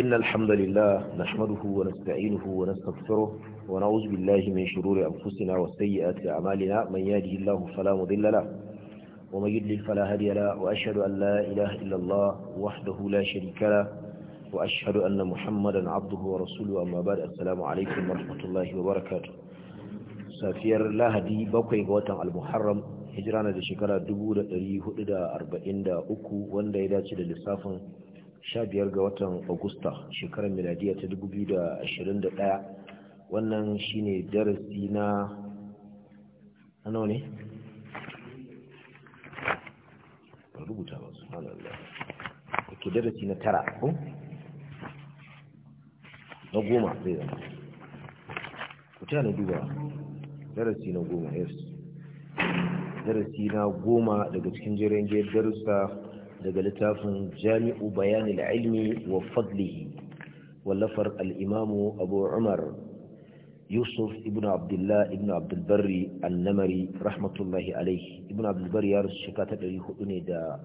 إن الحمد لله نحمده ونستعينه ونستغفره ونعوذ بالله من شرور أنفسنا وسيئات أعمالنا من يهده الله فلا مضل له ومن يضلل فلا هادي له وأشهد أن لا إله إلا الله وحده لا شريك له وأشهد أن محمدا عبده ورسوله أما بعد السلام عليكم ورحمة الله وبركاته سافير لا هدي بقي غوتا المحرم هجرانا دي شكرا دبو دا أريه دا أربعين دا أكو وان دا إلاتي دا لصافن 15 ga watan Agusta shekarar miladiya ta 2021 wannan shine darasi na ano ne rubuta ba subhanallah yake darasi na tara ko na goma zai zama ku ta na duba darasi na goma yes darasi na goma daga cikin jirage gayar darussa daga littafin jami'u bayanil ilmi wa fadlihi wallafar al'imamu abu umar yusuf ibn abdullah ibn abdulbari annamari rahmatullahi alaihi ibn abdulbari ya rasu ta 400 ne da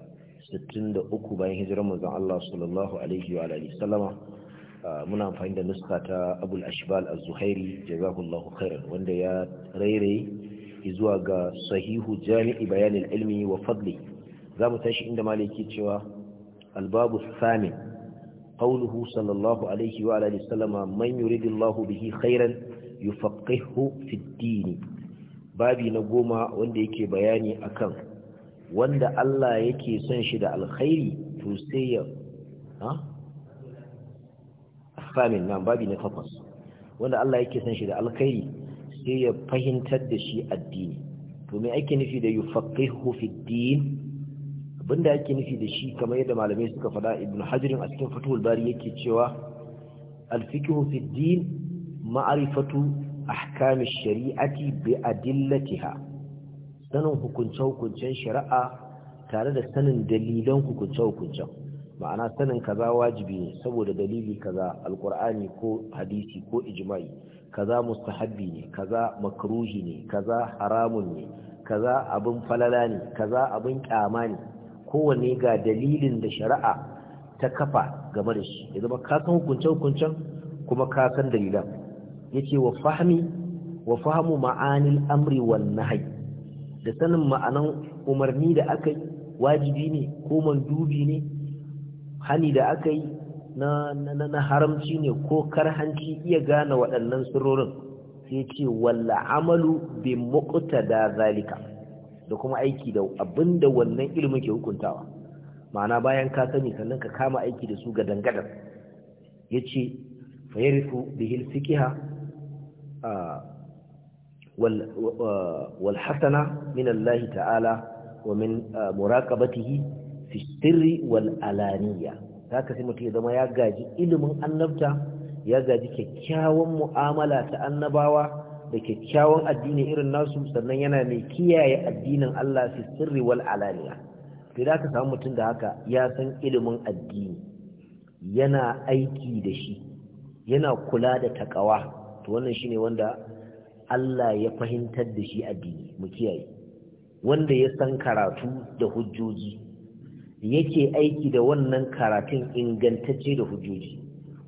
63 bayan hijirar manzon Allah sallallahu alaihi wa alihi salama muna amfani da nuska ta abul ashbal az-zuhairi jazakallahu khairan wanda ya rairaye zuwa ga sahihu jami'i bayanil ilmi wa fadlihi. za mu tashi inda maliki cewa albabu samin قوله صلى الله عليه وعلى اله وسلم من يريد الله به خيرا يفقهه في babi na goma wanda yake bayani akan wanda Allah yake son shi da alkhairi to sai ya ha nan babi na takwas wanda Allah yake son shi da alkhairi sai ya fahimtar da shi addini to me ake nufi da yufaqihu fiddini abinda yake nufi da shi kamar yadda malamai suka faɗa ibn hajirin a cikin fatuhul bari yake cewa alfikihu fi din ma'arifatu ahkami shari'ati bi adillatiha sanin hukunce hukuncen shari'a tare da sanin dalilan hukunce hukuncen ma'ana sanin kaza wajibi ne saboda dalili kaza alqur'ani ko hadisi ko ijma'i kaza mustahabbi ne kaza makruhi ne kaza haramun ne kaza abin falala ne kaza abin kyama ne Kowane ga dalilin da shari'a ta kafa game da shi ya zama ka san hukunce-hukuncen kuma ka san dalilan yace wa fahmi wa fahimu ma'anin amri wan nahyi da sanin ma'anan umarni da aka yi wajibi ne ko mandubi ne hani da aka yi na, haramci ne ko karhanci iya gane waɗannan sirorin sai ce walla amalu bi da zalika da kuma aiki da abinda wannan ilimin ke hukuntawa ma'ana bayan ka sani sannan ka kama aiki da su ga dangadan yace fa yarifu bihi al-fiqha wal wal ta'ala wa min muraqabatihi fi sirri wal alaniya haka mutum ya zama ya gaji ilimin annabta ya gaji kyakkyawan mu'amala ta annabawa da kyakkyawan addini irin nasu sannan yana mai kiyaye addinin Allah fi sirri wal alaniya to da ka samu mutum da haka ya san ilimin addini yana aiki da shi yana kula da takawa to wannan shine wanda Allah ya fahimtar da shi addini mu kiyaye wanda ya san karatu da hujjoji yake aiki da wannan karatun ingantacce da hujjoji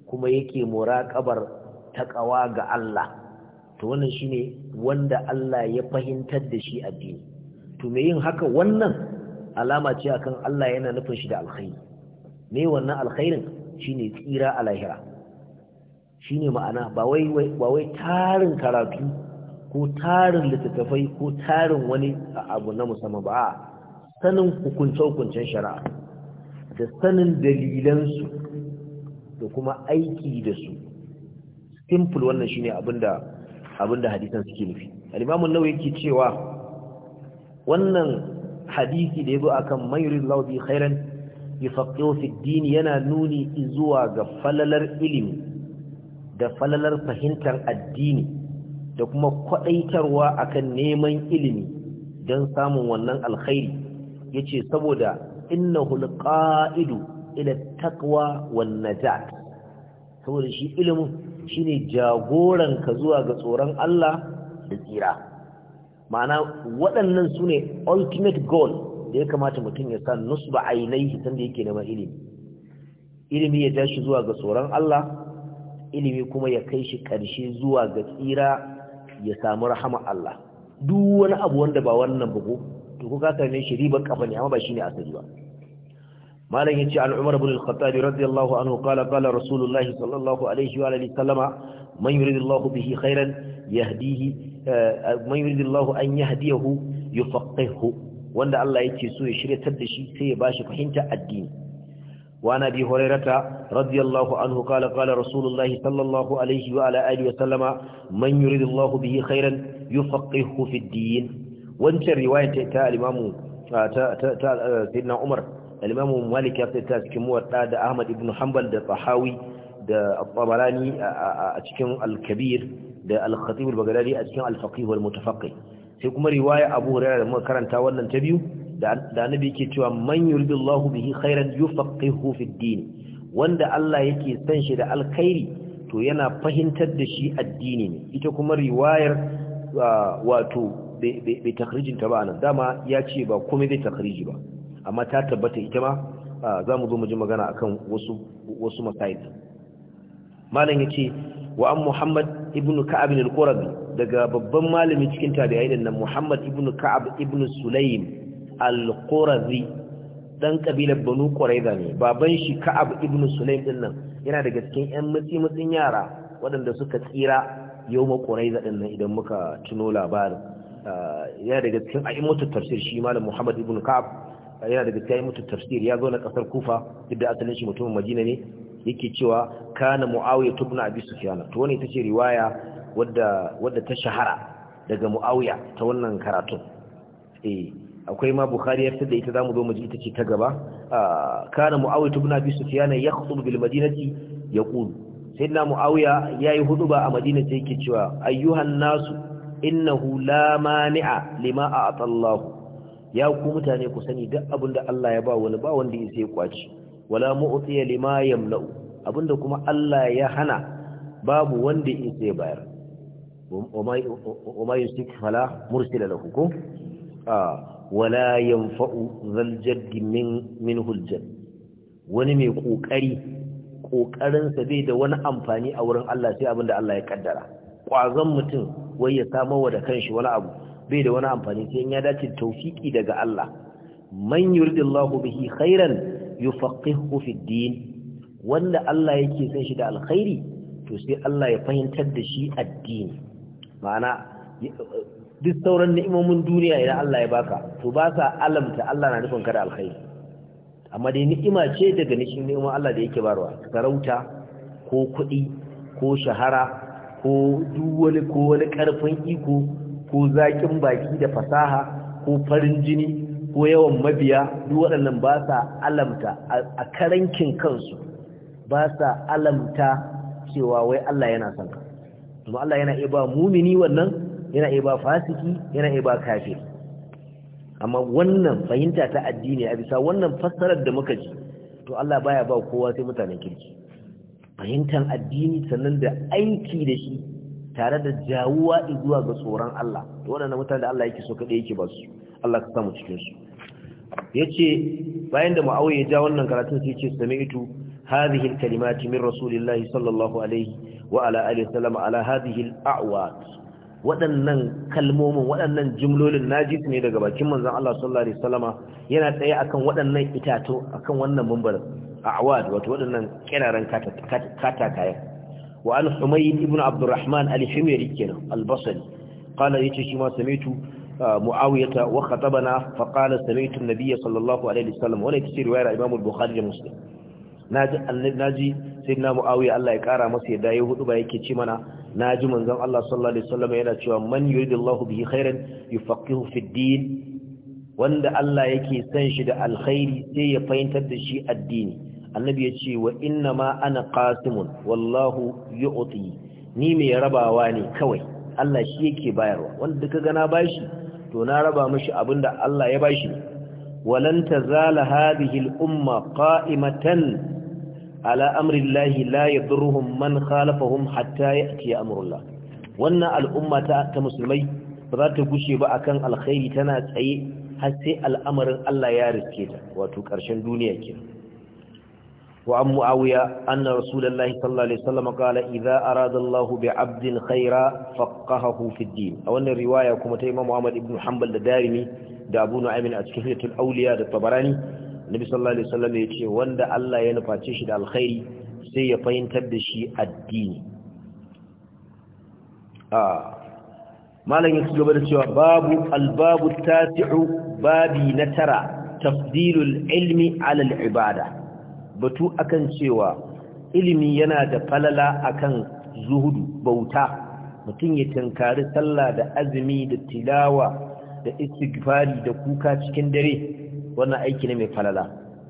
kuma yake muraƙabar taƙawa ga Allah to wannan shine wanda Allah ya fahimtar da shi addini to me yin haka wannan alama ce akan Allah yana nufin shi da alkhairi me wannan alkhairin shine tsira a lahira shine ma'ana ba wai tarin karatu ko tarin littattafai ko tarin wani abu na musamman ba sanin hukunce-hukuncen shari'a da sanin dalilansu da kuma aiki da su simple wannan shine abinda abinda hadisan suke nufi al-imamu nawawi yake cewa wannan hadisi da yazo akan mayurillahu bi khairan yufaqihu fi din yana nuni zuwa ga falalar ilimi da falalar fahimtar addini da kuma kwadaitarwa akan neman ilimi don samun wannan alkhairi yace saboda innahu alqa'idu ila taqwa wan najat saboda shi ilimin shine jagoran ka zuwa ga tsoron Allah da tsira ma'ana waɗannan su ne ultimate goal da ya kamata mutum ya sa nusba ainihi sanda yake neman ilimi ilimi ya tashi zuwa ga tsoron Allah ilimi kuma ya kai shi ƙarshe zuwa ga tsira ya samu rahama Allah duk wani abu wanda ba wannan bugu to ko ka ne shi riba kafa ne amma ba shine asali ba malam yace an Umar ibn al-Khattab radiyallahu anhu qala qala Rasulullahi sallallahu alaihi wa alihi sallama man yuridillahu bihi khairan yahdihi eh, eh, man yuridillahu an yahdiyahu yufaqihu wanda Allah yake so ya shiryatar da shi sai ya bashi fahimta addini wa nabi hurairata radiyallahu anhu qala qala Rasulullahi sallallahu alaihi wa alihi wa sallama man yuridillahu bihi khairan yufaqihu fi ad-din wancan riwayar ta al-Imam ta ta eh, Umar al-imamu malik ya fita cikin muwatta da ahmad ibn hanbal da tahawi da at a cikin al-kabir da al bagadari al-baghdadi a cikin al-faqih sai kuma riwaya abu hurairah da muka karanta wannan ta biyu da annabi yake cewa man yuridullahu bihi khairan yufaqihu fi din wanda Allah yake san shi da alkhairi to yana fahimtar da shi addini ne ita kuma riwayar wato bai takrijin ta ba nan dama ya ce ba komai zai takriji ba amma ta tabbata ita ma za mu zo mu ji magana akan wasu wasu masail malam yace wa an muhammad ibnu ka'ab al-qurabi daga babban malami cikin tabi'ai din nan muhammad ibnu ka'ab ibnu sulaym al-qurazi dan kabilar banu quraiza ne baban shi ka'ab ibnu sulaym din nan yana daga cikin ƴan mutsi mutsin yara waɗanda suka tsira yawma quraiza din nan idan muka tuno labarin yana daga cikin a'immatu tafsir shi malam muhammad ibnu ka'ab yana daga tayi mutu tafsir ya zo na kasar Kufa duk da asalin shi mutumin majina ne yake cewa kana Muawiya ibn Abi Sufyan to wani ita ce riwaya wadda wadda ta shahara daga Muawiya ta wannan karatun eh akwai ma Bukhari ya fitar da ita zamu zo mu ji ita ce ta gaba ah, kana Muawiya ibn Abi Sufyan yakhutub bil Madinati yaqul sayyidina Muawiya yayi huduba a Madina sai yake cewa ayyuhan nasu innahu la mani'a lima a'ata Allah ya ku mutane ku sani duk abin da Allah ya ba wani ba wanda ya sai kwaci wala mu'tiya lima yamla'u abinda kuma Allah ya hana babu wanda ya sai bayar wa ma yusik fala mursila lahu ko wala yanfa'u zal jadd min minhu al wani mai kokari sa bai da wani amfani a wurin Allah sai abinda Allah ya kaddara kwazon mutum wai ya samo wa da kanshi wani abu bai da wani amfani sai ya dace tawfiki daga Allah man yuridillahu bihi khairan yufaqihu fi din wanda Allah yake son shi da alkhairi to sai Allah ya fahimtar da shi addini ma'ana duk sauran ni'imomin duniya idan Allah ya baka to ba sa alamta Allah na nufin kada alkhairi amma dai ni'ima ce daga nishin ni'imar Allah da yake barwa sarauta ko kuɗi ko shahara ko duk wani ko wani ƙarfin iko ko zakin baki da fasaha ko farin jini ko yawan mabiya duk waɗannan ba sa alamta a karankin kansu ba sa alamta cewa wai Allah yana son ka kuma Allah yana iya ba mumini wannan yana iya ba fasiki yana iya ba kafir. amma wannan fahimta ta addini a bisa wannan fassarar da muka ji to Allah baya ba kowa sai mutanen kirki Fahimtan addini sannan da aiki da shi tare da jawuwa zuwa ga tsoron Allah to waɗannan mutane da Allah yake so kaɗai yake ba su Allah ka samu cikin su ce, bayan da Muawiya ya ja wannan karatun sai yace sami'tu hadhihi al-kalimati min rasulillahi sallallahu alaihi wa ala alihi sallam ala hadhihi al waɗannan kalmomin waɗannan jimlolin najis ne daga bakin manzon Allah sallallahu alaihi wasallama yana tsaye akan waɗannan itato akan wannan mumbar a'wad wato waɗannan kiraran katakayen وعن حميد ابن عبد الرحمن الحميري كنا البصري قال يتشي ما سميت معاوية وخطبنا فقال سميت النبي صلى الله عليه وسلم وانا يتشير ويرى إمام البخاري المسلم ناجي سيدنا معاوية الله يكارى مسيح دا يهدو بايكي تشمنا ناجي من ذن الله صلى الله عليه وسلم يلا تشوى من يريد الله به خيرا يفقه في الدين wanda Allah yake san shi da alkhairi sai ya fahimtar da shi addini annabi ya ce wa inna ma ana qasimun wallahu yu'ti ni mai rabawa ne kawai Allah shi yake bayarwa wanda duka gana bashi to na raba abin abinda Allah ya bashi walan tazala hadhihi al-umma qa'imatan ala amri Allah man khalafahum hatta ya'ti amurla wannan al'umma ta musulmai ba za ta gushe ba akan alkhairi tana tsaye har sai al'amarin Allah ya riske ta wato ƙarshen duniya kenan وعن معاوية أن رسول الله صلى الله عليه وسلم قال إذا أراد الله بعبد خيرا فقهه في الدين أو أن الرواية كما تيمى محمد بن حنبل الدارمي da abu nu'aymin a cikin hilatul auliya da tabarani nabi sallallahu alaihi ya ce wanda Allah ya nuface shi da alkhairi sai ya fahimtar da shi addini ah malam ya gaba da cewa babu albabu tasi'u babi na tara tafdilul ilmi alal ibada batu akan cewa ilimi yana da falala akan zuhudu bauta mutum ya tankari sallah da azumi da tilawa da istighfari da kuka cikin dare wannan aiki ne mai falala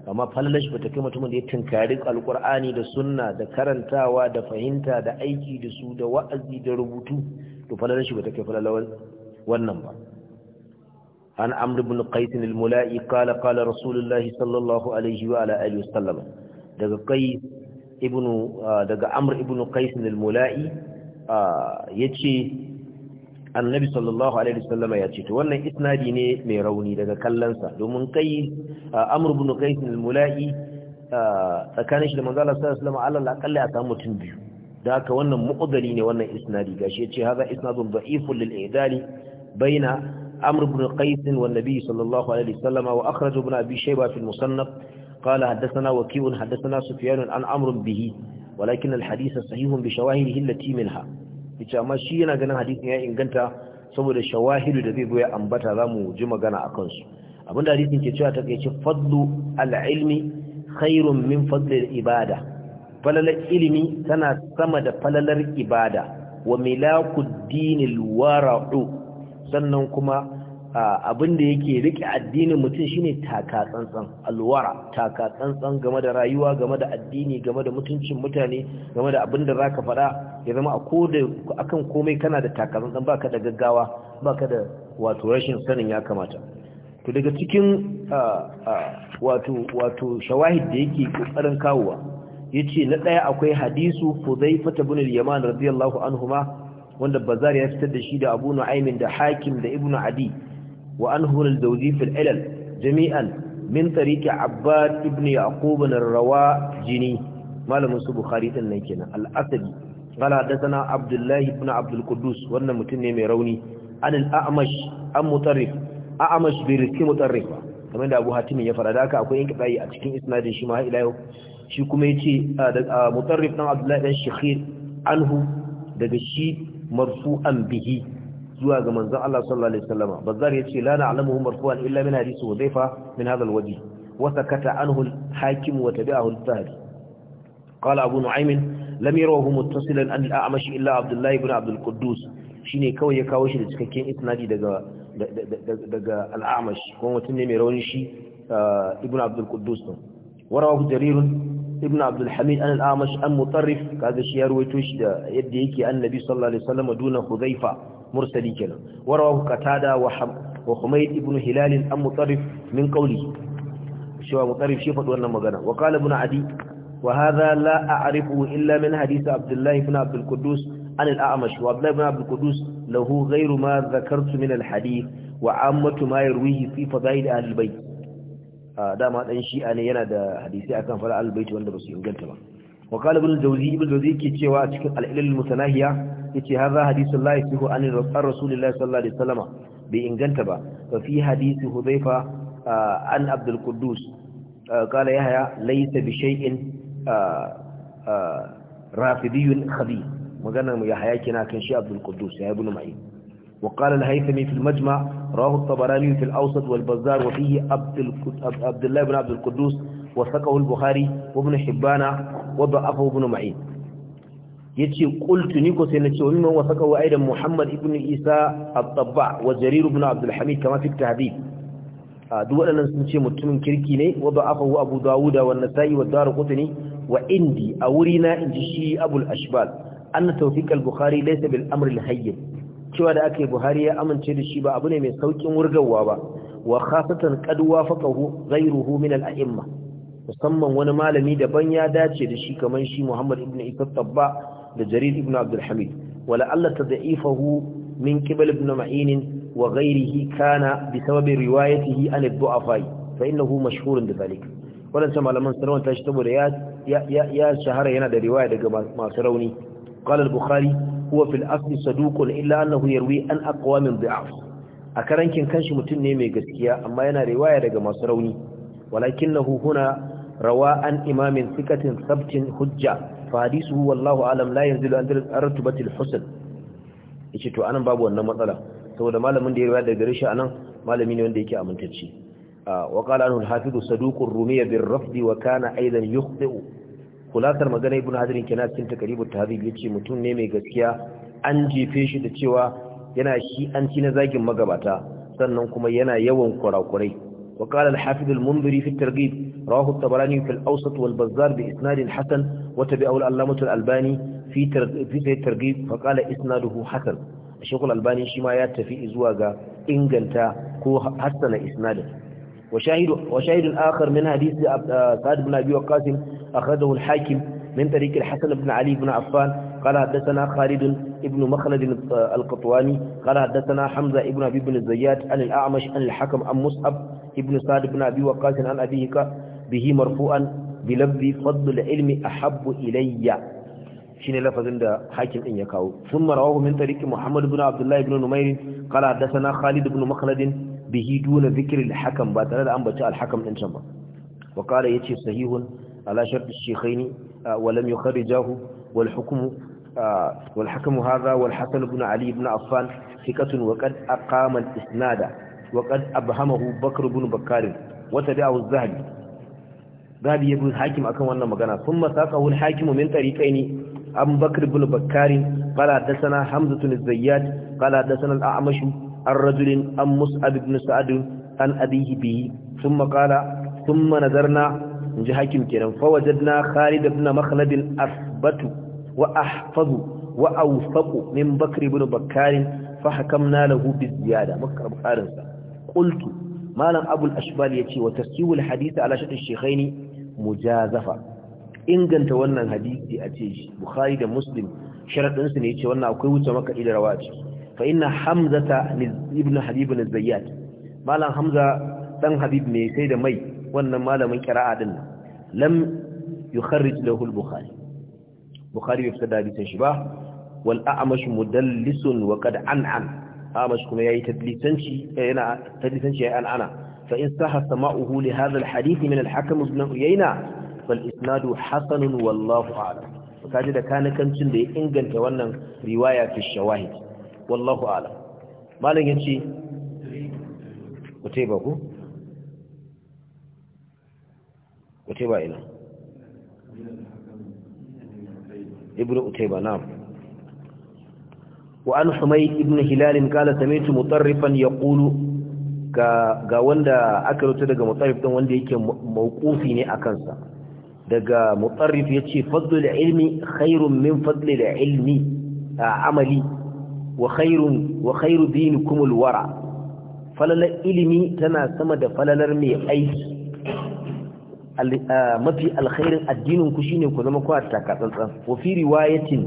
amma falala shi bata kai mutumin da ya tankari alkur'ani da sunna da karantawa da fahimta da aiki da su da wa'azi da rubutu to falala shi bata kai falala wannan ba عن عمرو بن قيس الملائي قال قال رسول الله صلى الله عليه وعلى آله وسلم دقى قيس ابن دقى عمرو بن قيس الملائي يتشي annabi sallallahu alaihi wasallam ya ce to wannan isnadi ne mai rauni daga kallansa domin kai amr ibn qais al-mula'i tsakanin shi da manzo Allah sallallahu alaihi wasallam Allah akalla ya samu mutum biyu da haka wannan mu'dali ne wannan isnadi gashi ya ce haza isnadun da'ifun lil idali baina عمرو بن قيس والنبي صلى الله عليه وسلم وأخرج ابن أبي شيبة في المصنف قال حدثنا وكيع حدثنا سفيان عن عمرو به ولكن الحديث صحيح بشواهده التي منها yace amma shi yana ganin hadisin ya inganta saboda shawahidu da zai goya ambata zamu ji magana akan su abinda hadisin ke cewa take ce fadlu al-ilmi khairun min fadli al-ibada falalar ilimi tana sama da falalar ibada wa milakud dinil wara'u sannan kuma abin da yake rike addinin mutum shine taka tsantsan alwara taka tsantsan game da rayuwa game da addini game da mutuncin mutane game da abin da zaka faɗa ya zama a koda akan komai kana da taka tsantsan baka da gaggawa baka da wato rashin sanin ya kamata to daga cikin wato wato shawahid da yake kokarin kawowa yace na daya akwai hadisu huzaifata, ibn al-Yaman radiyallahu anhuma wanda Bazari ya fitar da shi da Abu Nu'aym da Hakim da ibnu Adi وأنهر الزوجي في العلل جميعا من طريق عباد ابن يعقوب الروا جني ما لم نسو بخاري تنكينا الأسدي قال حدثنا عبد الله بن عبد القدوس وانا متني ميروني عن الأعمش أم مطرف أعمش برسي مطرف kamar da Abu Hatim ya fara da haka akwai inkitai a cikin isnadin shi ma ila yau shi kuma yace mutarrif dan Abdullahi dan Shikhir anhu daga shi marfu'an bihi zuwa ga manzon Allah sallallahu alaihi wasallam bazzar yace la na'lamuhu marfu'an illa min hadisi hudhaifa min hadha alwaji wa sakata anhu al-hakim wa tabi'ahu al qala abu nu'aym lam yarahu muttasilan an al-a'mash illa abdullah ibn abd al shine kawai ya kawo shi da cikakken isnadi daga daga al-a'mash kuma mutum ne mai rauni shi uh, ibn abd al-quddus warawahu jarirun ibn abdul hamid an al-amash an mutarrif kaga shi ya ruwaito shi da yadda yake annabi sallallahu alaihi wasallam duna hudhaifa mursali kenan warawahu qatada wa wa humayd ibn hilal an mutarif min qawli shi wa mutarrif shi faɗi wannan magana wa qala ibn adi wa hadha la a'rifu illa min hadith abdullah ibn abdul quddus an al-a'mash wa abdullah ibn abdul quddus lahu ghayru ma dhakartu min al-hadith wa ammatu ma yarwihi fi fadail al-bayt dama dan shi'a ne yana da hadisi akan fara albayt wanda basu su inganta ba wa qala ibn jawzi ibn cewa a cikin al ya ce har za hadithu la yasihu an rasulillahi sallallahu alaihi wasallam bai inganta ba fa fi hadisi hudhaifa an abdul quddus qala yahya laysa bi shay'in rafidiyun khabith magana mu yahya kina kan shi abdul quddus ya ibn ma'in wa qala al-haythami fi al-majma' رواه الطبراني في الأوسط والبزار وفيه عبد الله بن عبد القدوس وثقه البخاري وابن حبان وضعفه ابن معين يتي قلت نيكو سنتي ومما وثقه أيضا محمد ابن إيسى الطباع وجرير بن عبد الحميد كما في التهذيب دول أن نسنتي متمن كركيني وضعفه أبو داود والنسائي والدار قطني وإندي أورينا إنجشي أبو الأشبال أن توثيق البخاري ليس بالأمر الهين cewa da aka yi buhari ya amince da shi ba abu ne mai saukin wurgawa ba wa khasatan qad zai ruhu min al-a'imma musamman wani malami daban ya dace da shi kamar shi Muhammad ibn Isa Tabba da Jarir ibn abdulhamid Hamid wala alla tad'ifahu min qibal ibn Ma'in wa ghayrihi kana bi sababi riwayatihi an ad-du'afa fa innahu mashhurun bi dhalik wannan malaman sarwan tashi saboda ya ya ya shahara yana da riwaya daga masu rauni qala al-Bukhari huwa fil asli saduqun illa annahu yarwi an min bi'af a karankin kanshi mutum ne mai gaskiya amma yana riwaya daga masu rauni walakinahu huna rawa an imamin sikatin sabtin hujja fa hadisuhu wallahu alam la yanzilu an daratubatil husn yace to anan babu wannan matsala saboda malamin da ya riwaya daga rishi anan malami ne wanda yake amintacce ah, wa qala anhu al-hafiz saduqur rumiyya bir rafdi wa kana aidan yukhti'u kulasar magana ibn hadirin kenan cikin takaribut ya yace mutum ne mai gaskiya an jefe shi da cewa yana shi an ci na zagin magabata sannan kuma yana yawan kurakurai wa qala al-hafiz al-munziri fi at-targhib rawahu at-tabarani fi al-awsat wal-bazzar bi isnad hasan wa tabi'ahu al-allamah al-albani fi at-targhib fa qala isnaduhu hasan shaykh al-albani shi ma ya tafi zuwa ga inganta ko hasana isnadin وشاهد وشاهد آخر من حديث آه، سعد بن أبي وقاص أخرجه الحاكم من طريق الحسن بن علي بن عفان قال حدثنا خالد بن مخلد آه، القطواني قال حدثنا حمزة بن أبي بن الزيات عن الأعمش عن الحكم عن مصعب بن سعد بن أبي وقاص عن أبيه به مرفوعا بلبي فضل العلم أحب إلي shine لفظ عند حاكم إن يكاو ثم رواه من طريق محمد بن عبد الله بن نمير قال حدثنا خالد بن مخلد bihi duna zikirin hakan ba tare da ambaci ɗin can ba wa ƙara ya ce sahihun ala sharɗi shekhaini walam yi kharijahu wal wal hakamu haza wal hasan ibn ali ibn affan fikatun wa qad aqama al isnada wa qad abhamahu bakr ibn bakkar wa tabi'ahu zahabi zahabi ya bi hakim akan wannan magana thumma saqahu al hakimu min tariqaini an zayyad qala amashu عن رجل عن مصعب بن سعد عن أبيه به ثم قال ثم نظرنا نجحكم كنا فوجدنا خالد بن مخلد أثبت وأحفظ وأوثق من بكر بن بكار فحكمنا له بالزيادة مكر بخارن قلت ما لم أبو الأشبال يتي وتسيو الحديث على شرط الشيخين مجازفة inganta wannan hadisi a ce Bukhari da Muslim sharadin su ne yace wannan akwai wuce maka ila rawaji fa hamzata ibn habib na zayyat malam hamza dan habib ne sai da mai wannan malamin qira'a din lam yukharrij lahu al-bukhari bukhari bai da bisan shi ba wal a'mash mudallisun wa qad an'an a'mash kuma yayi tadlisanci eh, yana tadlisanci yayi an'ana fa in sahha sama'uhu li hadha al-hadith min al-hakim ibn uyayna fal isnadu hasanun wallahu a'lam kaji da kanakancin da ya inganta wannan riwaya fi shawahid wallahu ala malam yace ba ku ba ina ibnu utaiba wa an حميد ابن hilal قال samitu mutarrifan Yaqulu ga wanda aka rutu daga mutarrif din wanda yake mawqufi ne akan sa daga mutarrif yace fadlul ilmi khairun min fadlil ilmi amali wa khairun wa khairu dinikumul wara falalar ilimi tana sama da falalar mai aiki mafi alkhairin addinin ku shine ku zama kwa takatsantsan wa fi riwayatin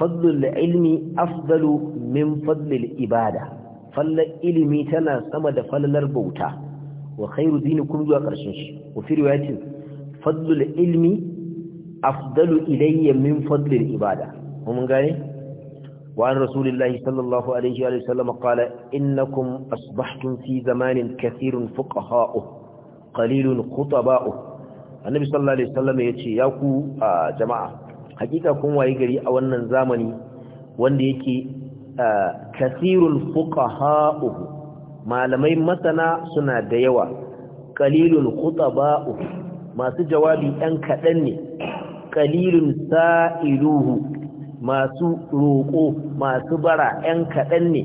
fadlul ilmi afdalu min fadlil ibada Falalar ilimi tana sama da falalar bauta wa khairu dinikum zuwa karshen shi wa fi riwayatin fadlul ilmi afdalu ilayya min fadlil ibada mun gane وعن رسول الله صلى الله عليه وآله وسلم قال إنكم أصبحتم في زمان كثير فقهاؤه قليل خطباؤه النبي صلى الله عليه وسلم يتي ياكو جماعة حقيقة كن وايقري أولا زامني وان يكي كثير فقهاؤه ما لمي مثلا سنة ديوة قليل خطباؤه ما سجوابي أنك أني قليل سائلوه masu roƙo masu bara 'yan kaɗan ne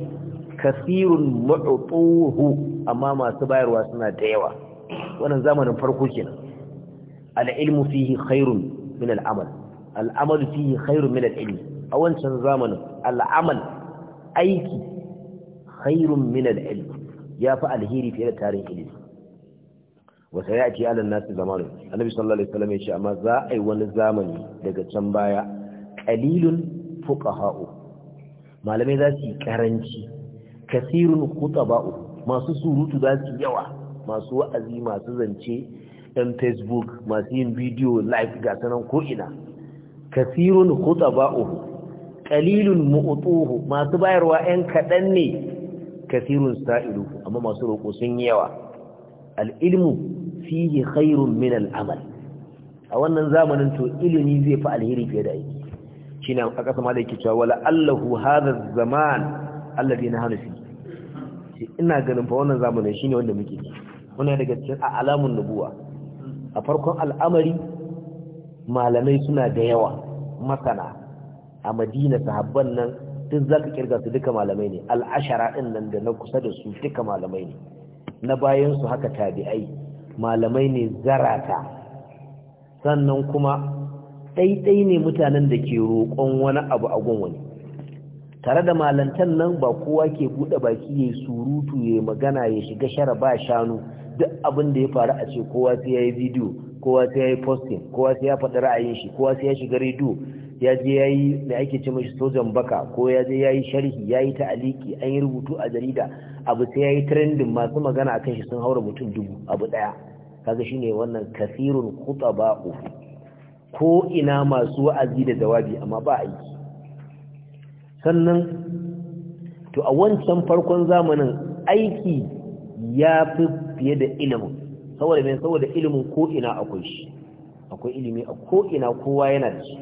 kasirun maɗuɗuhu amma masu bayarwa suna da yawa wannan zamanin farko kenan al'ilmu fihi khairun min al'amal al'amal fihi khairun min al'ilmi a wancan zamanin al'amal aiki khairun min al'ilmi ya fi alheri fiye da tarin ilimi wata ya ce alin nasu zamanin annabi sallallahu alaihi wasallam ya ce amma za a yi wani zamani daga can baya qalilun fuqaha'u malamai za su yi karanci kasirun khutaba'u masu surutu za su yawa masu wa'azi masu zance ɗan facebook masu yin bidiyo live ga sanan ko ina kasirun khutaba'u qalilun mu'tuhu masu bayarwa ɗan kaɗan ne kasirun sa'ilu amma masu roƙo sun yawa al'ilmu fihi khairun min al'amal a wannan zamanin to ilimi zai fi alheri fiye da aiki shine a ƙasa ma da yake cewa wala allahu hadha zaman alladhi nahnu fi ina ganin fa wannan zamanin shine wanda muke wannan daga cikin alamun nubuwa a farkon al'amari malamai suna da yawa masana a madina sahabban nan duk zaka kirga su duka malamai ne al'ashara din nan da na kusa da su duka malamai ne na bayan su haka tabi'ai malamai ne zarata sannan kuma ɗaiɗai ne mutanen da ke roƙon wani abu a gun wani tare da malantan nan ba kowa ke buɗe baki ya surutu ya magana ya shiga shara ba shanu duk abin da ya faru a ce kowa sai ya yi bidiyo kowa sai ya yi posting kowa sai ya faɗi ra'ayin shi kowa sai ya shiga rediyo ya je ya yi da ake ce mashi sojan baka ko ya je ya yi sharhi ya yi ta'aliki an yi rubutu a jarida abu sai ya yi trending masu magana a kan shi sun haura mutum dubu abu ɗaya kaga shine wannan kasirun kutaba'u ko ina masu wa'azi da jawabi amma ba aiki sannan to a wancan farkon zamanin aiki ya fi fiye da ilimin saboda mai saboda ilimin ko ina akwai shi akwai ilimi a ko ina kowa yana da shi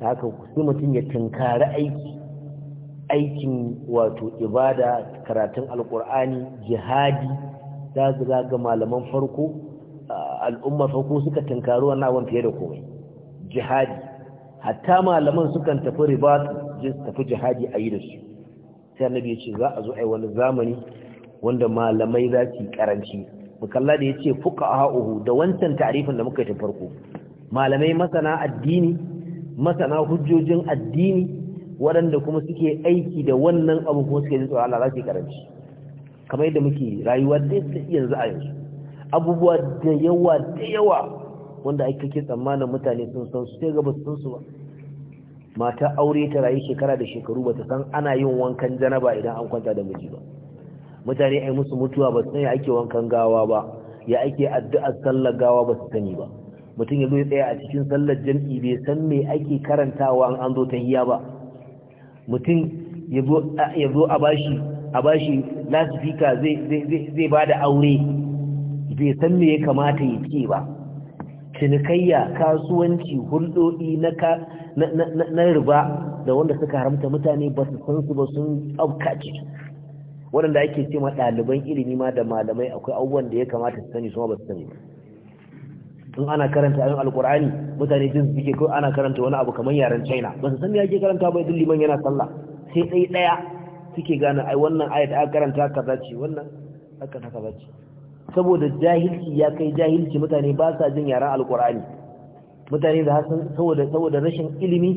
ta haka sai mutum ya tunkari aiki aikin wato ibada karatun alkur'ani jihadi za ga malaman farko al'ummar farko suka tunkari wannan abin fiye da komai jihadi hatta malaman sukan tafi ribat je su tafi jihadi a yi da su sai annabi ya ce za a zo ai wani zamani wanda malamai za su yi karanci mukalla da ya ce fuka da wancan tarifin da muka yi ta farko malamai masana addini masana hujjojin addini waɗanda kuma suke aiki da wannan abu kuma suke ji tsoron Allah za su karanci kamar yadda muke rayuwa da yanzu a yanzu abubuwa da yawa da yawa wanda ake ke tsammanin mutane sun san su sai ga basu san su ba mata aure ta rayu shekara da shekaru ba ta san ana yin wankan janaba idan an kwanta da miji ba mutane ai musu mutuwa ba san ya ake wankan gawa ba ya ake addu'ar sallar gawa ba su sani ba mutum ya zo ya tsaya a cikin sallar jam'i bai san me ake karantawa an zo ta hiya ba mutum ya zo a bashi a bashi lasifika zai bada aure bai san me ya kamata ya ce ba cinikayya kasuwanci hulɗoɗi na riba da wanda suka haramta mutane ba su san su ba sun auka ciki waɗanda ake ce ma ɗaliban ilimi ma da malamai akwai abubuwan da ya kamata su sani su ba su sani in ana karanta ayon alkur'ani mutane jin suke ko ana karanta wani abu kamar yaren china ba su san me ake karanta ba idan liman yana sallah sai ɗaya daya suke gane ai wannan ayat aka karanta kaza ce wannan aka kaza ce saboda jahilci ya kai jahilci mutane ba sa jin yaran alkur'ani mutane da saboda saboda rashin ilimi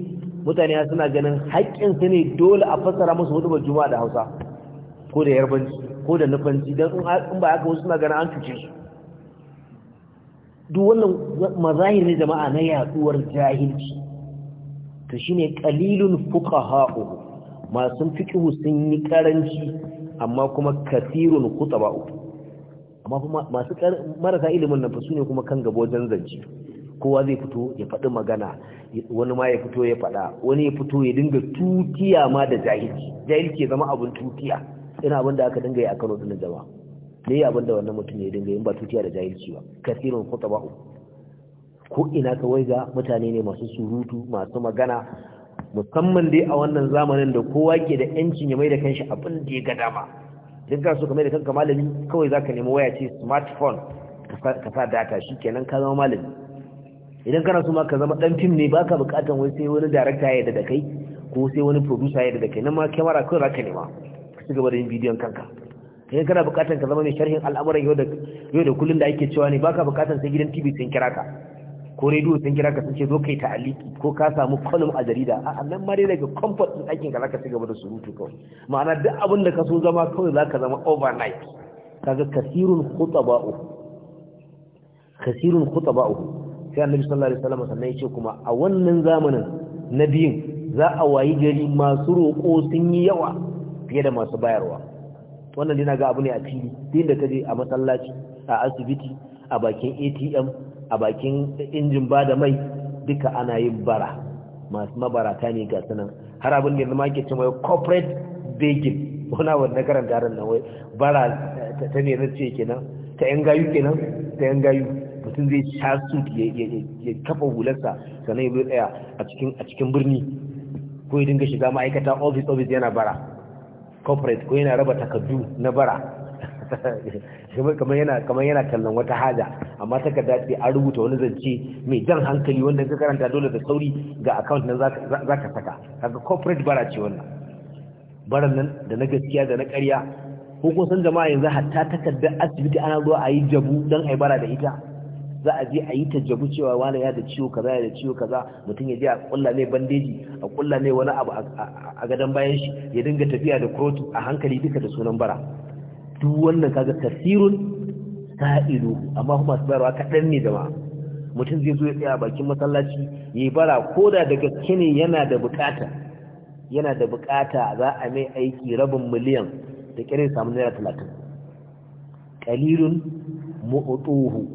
mutane suna ganin haƙƙin su ne dole a fassara musu hudubar juma'a da Hausa ko da yarbanci ko da nufanci don in ba haka wasu suna ganin an cuce su duk wannan mazahir ne jama'a na yaduwar jahilci to shine qalilun fuqaha'u masu fiqhu sun yi karanci amma kuma kathirun khutaba'u amma kuma masu marasa ilimin nan fa ne kuma kan gaba wajen zance kowa zai fito ya faɗi magana wani ma ya fito ya faɗa wani ya fito ya dinga tutiya ma da jahilci jahilci ya zama abin tutiya ina abin da aka dinga yi a Kano din jama'a ne abin da wannan mutum ya dinga yin ba tutiya da jahilci ba kasirun khutaba'u ko ina ka wai ga mutane ne masu surutu masu magana musamman dai a wannan zamanin da kowa ke da yancin ya mai da kanshi abin da ya ga dama idan ka so kamar da kanka malami kawai zaka nemi waya ce smartphone ka sa data kenan ka zama malami idan kana so ma ka zama dan fim ne baka bukatan wai sai wani director ya da kai ko sai wani producer ya da kai nan ma camera kawai zaka nema ka ci gaba da yin bidiyon kanka idan kana bukatan ka zama mai sharhin al'amuran yau da kullum da kullun da ake cewa ne baka bukatan sai gidan TV sun kira ka ko rediyo sun kira ka sun ce zo kai ta'aliki ko ka samu kolum a jarida a nan mare daga comfort din aikin ka zaka cigaba da surutu kawai ma'ana duk abin da ka so zama kawai zaka zama overnight kaga kasirun khutaba'u kasirun khutaba'u sai annabi sallallahu alaihi wasallam sannan yace kuma a wannan zamanin nabiyin za a wayi gari masu roƙo sun yi yawa fiye da masu bayarwa wannan dina ga abu ne a fili din da kaje a masallaci a asibiti a bakin ATM a bakin injin ba da mai duka ana yin bara masu mabarata ne ga sunan har abin da zama ke cewa corporate begin wani abu na karanta ran nan wai bara ta ne ce kenan ta yan gayu kenan ta yan gayu mutum zai sha su ya kafa hularsa sannan ya zo tsaya a cikin birni ko ya dinga shiga ma'aikata office office yana bara corporate ko yana raba takardu na bara kamar yana kallon wata haja amma takarda dace a rubuta wani zance mai jan hankali wanda ka karanta dole da sauri ga account nan ka saka kaga corporate bara ce wannan baran nan da na gaskiya da na karya ko jama'a yanzu hatta takardar asibiti ana zuwa a yi jabu don a bara da ita za a je a yi ta jabu cewa wani ya da ciwo kaza ya da ciwo kaza mutum ya je a kulla mai bandeji a kulla mai wani abu a gadon bayan shi ya dinga tafiya da kotu a hankali duka da sunan bara duk wannan kaga kasirun sa'idu amma kuma su bayarwa kaɗan ne da jama'a mutum zai zo ya tsaya bakin masallaci ya yi bara ko da daga kini yana da bukata yana da bukata za a mai aiki rabin miliyan da kirin samun naira talatin kalilun mu'utuhu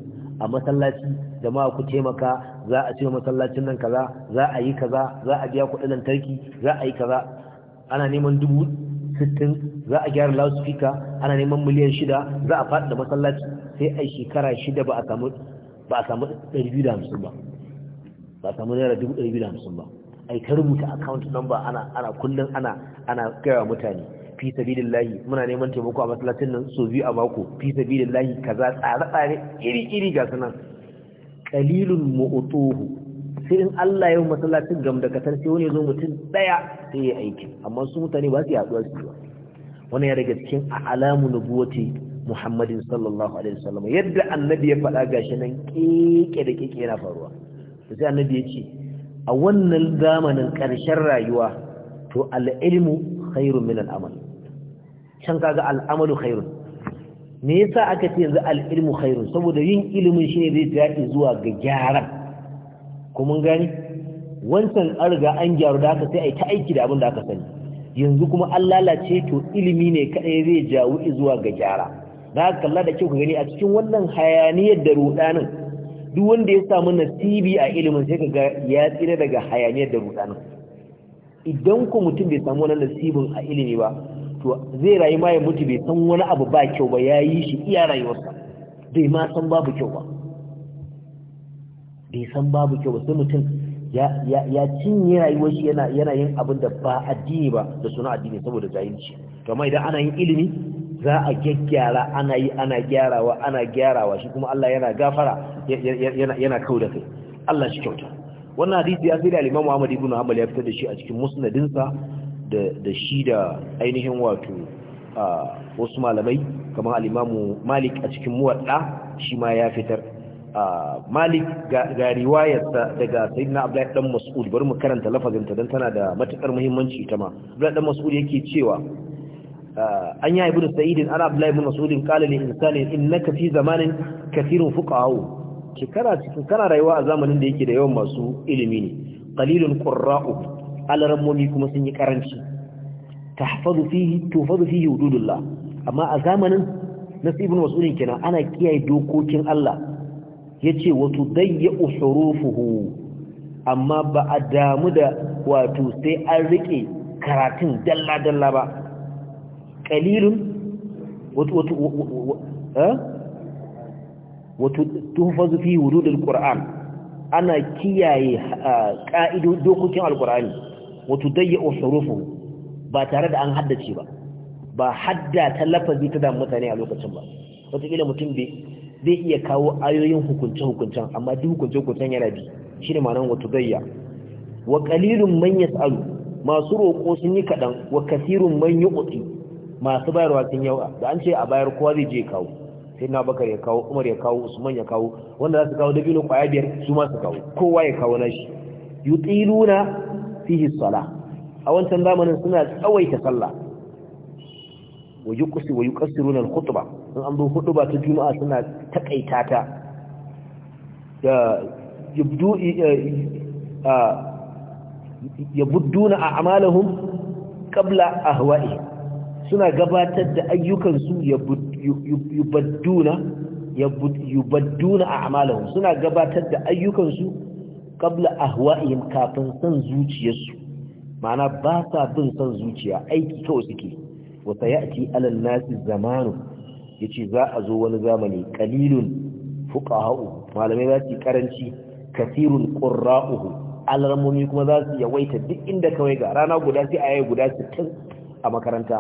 a masallaci da ma ku taimaka za a ce masallacin nan kaza za a yi kaza za a biya kuɗin lantarki za a yi kaza ana neman dubu sittin za a gyara loudspeaker ana neman miliyan shida za a faɗi da masallaci sai a shekara shida ba a samu ba a samu ɗari biyu da hamsin ba ba a samu naira dubu ɗari biyu da hamsin ba ai ta rubuta account number ana ana kullum ana ana gaya mutane fi sabilillahi muna neman taimako a masallacin nan so biyu a mako fi sabilillahi kaza tsare-tsare iri-iri ga sunan qalilun mu'tuhu sai in Allah masallacin gam masallacin gamdakatar sai wani zo mutum daya sai ya aiki amma su mutane ba su yaduwa su ba Wani ya daga cikin alamu nubuwati Muhammadin sallallahu alaihi wasallam yadda annabi ya faɗa gashi nan keke da keke yana faruwa sai annabi ya ce a wannan zamanin karshen rayuwa to al'ilmu ilmu khairun min al can kaga al-amalu khairun me yasa aka ce yanzu al-ilmu khairun saboda yin ilimin shine zai tafi zuwa ga gyaran ko mun gani wancan an riga an gyaru da haka sai a yi ta aiki da abin da aka sani yanzu kuma an lalace to ilimi ne kaɗai zai jawo zuwa ga gyara da haka kalla da kyau ka gani a cikin wannan hayaniyar da rudanin duk wanda ya samu nasibi a ilimin sai ka ga ya tsira daga hayaniyar da rudanin idan ku mutum bai samu wani nasibin a ilimi ba to zai rayu ma ya mutu bai san wani abu ba kyau ba ya yi shi iya rayuwarsa bai ma san babu kyau ba bai san babu kyau wasu mutum ya cinye rayuwar shi yana yin abin da ba addini ba da suna addini saboda jahilci kamar idan ana yin ilimi za a gyaggyara ana yi ana gyarawa ana gyarawa shi kuma Allah yana gafara yana kau da kai Allah shi kyauta wannan hadisi ya sai da Imam Muhammad ibn Hanbal ya fitar da shi a cikin musnadinsa da shi da ainihin wato ah, wasu malamai kamar al-Imam Malik a cikin Muwatta shi ma ya fitar malik ga riwayarsa daga sayyidina abdullahi dan mas'ud bari mu karanta lafazinta dan tana da matukar muhimmanci ita ma abdullahi dan mas'ud yake cewa an ya ibnu sa'idin ana abdullahi ibn mas'udin qala li insani innaka fi zamanin kathirun fuqaha'u kikara cikin kana rayuwa a zamanin da yake da yawan masu ilimi ne qalilun qurra'u alramumi kuma sun yi karanci tahfazu fihi tufazu fihi hududullah amma a zamanin nasibun Mas'ud kenan ana kiyaye dokokin Allah yace wa tudayyu hurufuhu amma ba a damu da wato sai an rike karatun dalla dalla ba qalilun wato wato wato tuhfazu fi qur'an ana kiyaye ka'ido dokokin alqur'ani wato dayyu hurufuhu ba tare da an haddace ba ba hadda ta lafazi ta da mutane a lokacin ba wataƙila mutum bai zai iya kawo ayoyin hukunce-hukuncen amma duk hukunce-hukuncen yana bi shi ne ma'anar wata gayya wa kalilun man yas'alu masu roƙo sun yi kaɗan wa kasirun man yuqti masu bayarwa sun yawa da an ce a bayar kowa zai je kawo sai na bakar ya kawo umar ya kawo usman ya kawo wanda za su kawo dabino kwaya biyar su ma su kawo kowa ya kawo nashi yutiluna fihi sala a wancan zamanin suna tsawaita sallah wa yuqsi wa yuqsiruna al-khutbah in an zo hudu ba ta juma'a suna takaita ta eh, a yabudduna kabla qabla ahwa'i suna gabatar da ayyukansu yubadduna yubadduna a'malahum suna gabatar da ayyukansu qabla ahwa'ihim kafin san zuciyarsu ma'ana ba sa bin san zuciya aiki kawai suke wa sayati alal nasi zamanu yace za a zo wani zamani kalilun fuka fuqaha'u malamai za su karanci kathirun qurra'uhu alarmomi kuma za su yawaita duk inda kawai ga rana guda sai a yi guda 60 a makaranta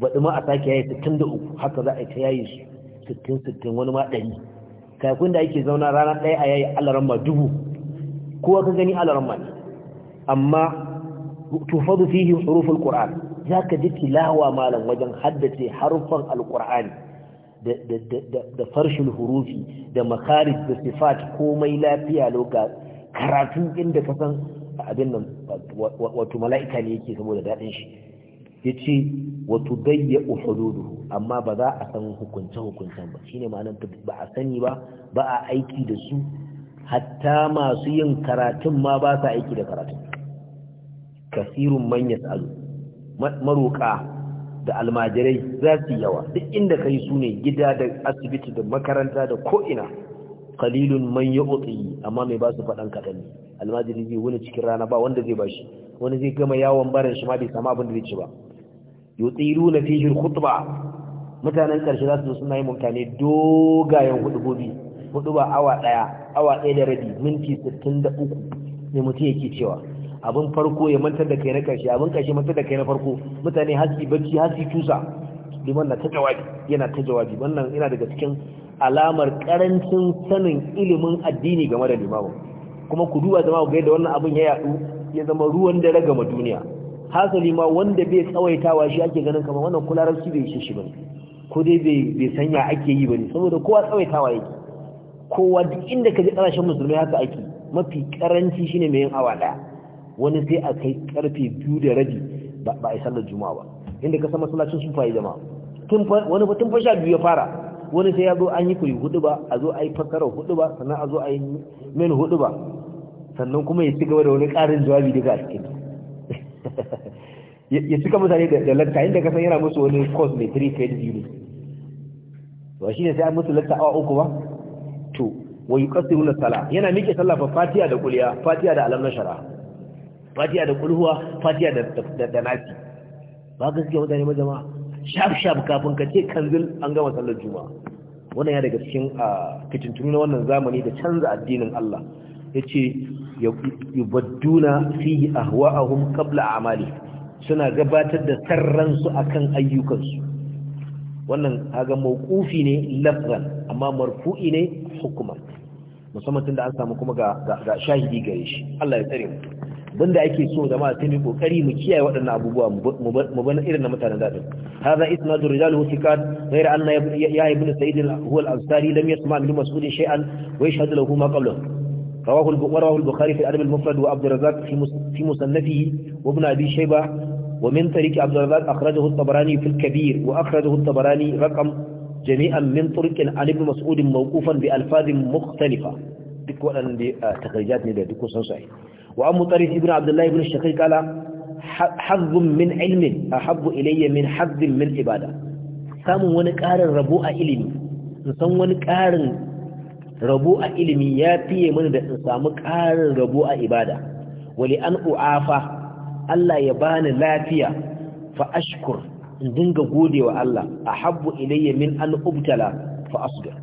baɗi ma a sake yayi 63 haka za a yi ta yayin su 60-60 wani ma 100 kafin da ake zauna rana ɗaya a yayi alarma dubu kowa ka gani alarma ne amma tufadu fihi huruful qur'an za ka ji tilawa malam wajen haddace harufan alkur'ani da farshin hurufi da makarif da sifat komai lafiya loka karatun inda ka san abin nan wato mala'ika ne yake saboda daɗin shi ya ce wato bayya uhududu amma ba za a san hukunce-hukuncen ba shine ma'anar ba a sani ba ba a aiki da su hatta masu yin karatun ma ba sa aiki da karatun kasirun manyan yasalu maroka da almajirai za su yawa duk inda kai su ne gida da asibiti da makaranta da ko'ina kalilun man ya otsi amma mai ba su faɗan kaɗan ne almajiri zai wani cikin rana ba wanda zai ba bashi wani zai gama yawon barin shi ma bai sama abin da zai ci ba tsiru na fihir kutuba mutanen ƙarshe za su zo suna yi mutane dogayen gobe. hudu ba awa ɗaya awa ɗaya da rabi minti sittin da uku ne mutum yake cewa abin farko ya mantar da kai na ƙarshe. abin ƙarshe mantar da kai na farko mutane hasi bacci hasi tusa liman na ta jawabi yana ta jawabi wannan yana daga cikin alamar karancin sanin ilimin addini game da limamu kuma ku duba zama ga yadda wannan abin ya yadu ya zama ruwan dare game duniya hasali ma wanda bai tsawaitawa shi ake ganin kamar wannan kulararsu bai ishe shi bane ko dai bai sanya ake yi bane saboda kowa tsawaitawa yake kowa duk inda ka karashin musulmai haka ake mafi ƙaranci shine mai yin awa ɗaya wani sai a kai karfe biyu da rabi ba a yi sallar juma'a ba inda ka sama masallacin sun fa'i jama'a wani fa tun fa sha biyu ya fara wani sai ya zo an yi kuri hudu ba a zo a yi fassarar hudu ba sannan a zo a yi min hudu ba sannan kuma ya ci gaba da wani ƙarin jawabi daga a cikin ya cika mutane da lanta inda ka san yana musu wani course mai 3 credit unit to shi ne sai an musu lanta awa uku ba to wa yuqassiruna sala yana miƙe sallah fa fatiha da kuliya fatiha da alam nashara Fatiya da kulhuwa Fatiya da da nasi ba suke mutane mazama? shaf shaf kafin ka ce kanzil an gama sallar juma'a wannan ya daga cikin kitintunu ah, na wannan zamani da canza addinin Allah yace yubadduna fihi ahwa'ahum qabla a'mali suna gabatar da sarransu kan ayyukansu wannan kaga mawqufi ne lafzan amma marfu'i ne hukuman musamman da an samu kuma ga ga shahidi gare shi Allah ya tsare mu abinda ake so zama sai mu kokari mu kiyaye waɗannan abubuwa mu bana irin na mutanen da din hadha isnadu rijalu thiqat ghayra anna ya ibn sa'id huwa al-ansari lam yasma' min mas'ud shay'an wa yashhadu lahu ma qablahu rawahu al-bukhari al-bukhari al-adab al-mufrad wa fi abd ar-razzaq fi البخاري wa ibn abi shayba wa min tariq abd وابن razzaq akhrajahu at-tabarani fi al-kabir wa akhrajahu at-tabarani raqam jami'an min turuq al عن mas'ud mawqufan bi بألفاظ مختلفة duk waɗannan da ah, ne da duk sun sai wa an mutarif ibn abdullahi ibn shakai kala hazzun min ilmin ahabbu ilayya min hazzin min ibada samun wani ƙarin rabo a ilimi in san wani ƙarin rabo a ilimi ya fiye mana da in samu ƙarin rabo a ibada wali an u'afa Allah ya bani lafiya fa ashkur in dinga godewa Allah ahabbu ilayya min an ubtala fa asbir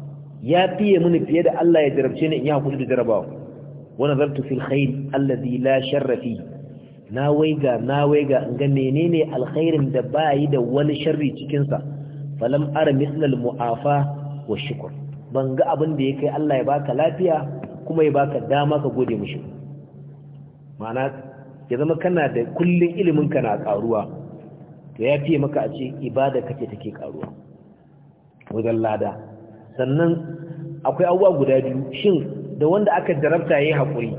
ya fiye mini fiye da Allah ya jarabce ni in yi hakuri da jarabawa wani zartu fil khair alladhi la sharra fi na waiga na waiga in ga menene alkhairin da ba yi da wani sharri cikin sa falam ara mislal mu'afa wa shukr ban ga abin da yake Allah ya baka lafiya kuma ya baka dama ka gode mishi ma'ana ya zama kana da kullun ilimin ka na karuwa to ya fiye maka a ce ibada kake take karuwa wajen lada sannan akwai abubuwa guda biyu shin da wanda aka jarabta yayi hakuri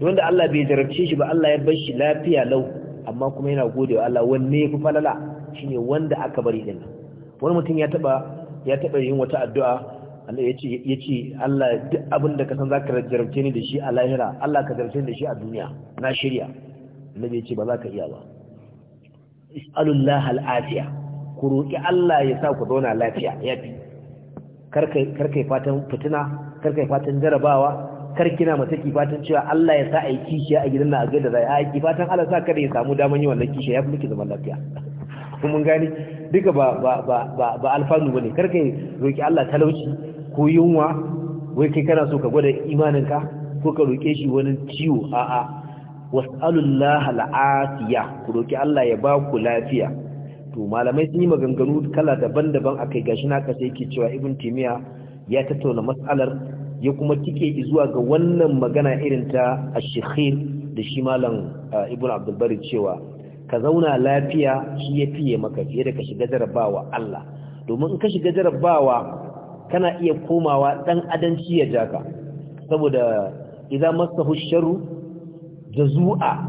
da wanda Allah bai jarabce shi ba Allah ya bar shi lafiya lau amma kuma yana godewa Allah wanne yafi falala shine wanda aka bari din wani mutum ya taba ya taba yin wata addu'a Allah ya ce Allah duk abin da ka san zaka jarabce ni da shi a lahira Allah ka jarabce ni da shi a duniya na shirya annabi ce ba za ka iya ba al-afiya ku roki Allah ya sa ku zauna lafiya yafi karkai fatan fitina karkai fatan jarabawa karkina mata ki fatan cewa Allah ya sa ai kishiya a gidan na a gaida zai ai ki fatan Allah sa kada ya samu daman yi wannan kishiya ya fi miki zaman lafiya kuma mun gani duka ba ba ba ba alfanu bane karkai roki Allah talauci ko yunwa wai kai kana so ka gwada ka ko ka roke shi wani ciwo a'a wasalullahi al'afiya ku roki Allah ya ba ku lafiya to malamai sun yi maganganu kala daban-daban a kai gashi na kasa yake cewa ibn timiya ya tattauna matsalar ya kuma tike zuwa ga wannan magana irin ta a da shi malam uh, ibn abdul bari cewa ka zauna lafiya shi ya fiye maka fiye da ka shiga jarabawa Allah domin in ka shiga jarabawa kana iya komawa dan adanci ya jaka saboda idan masahu sharru jazua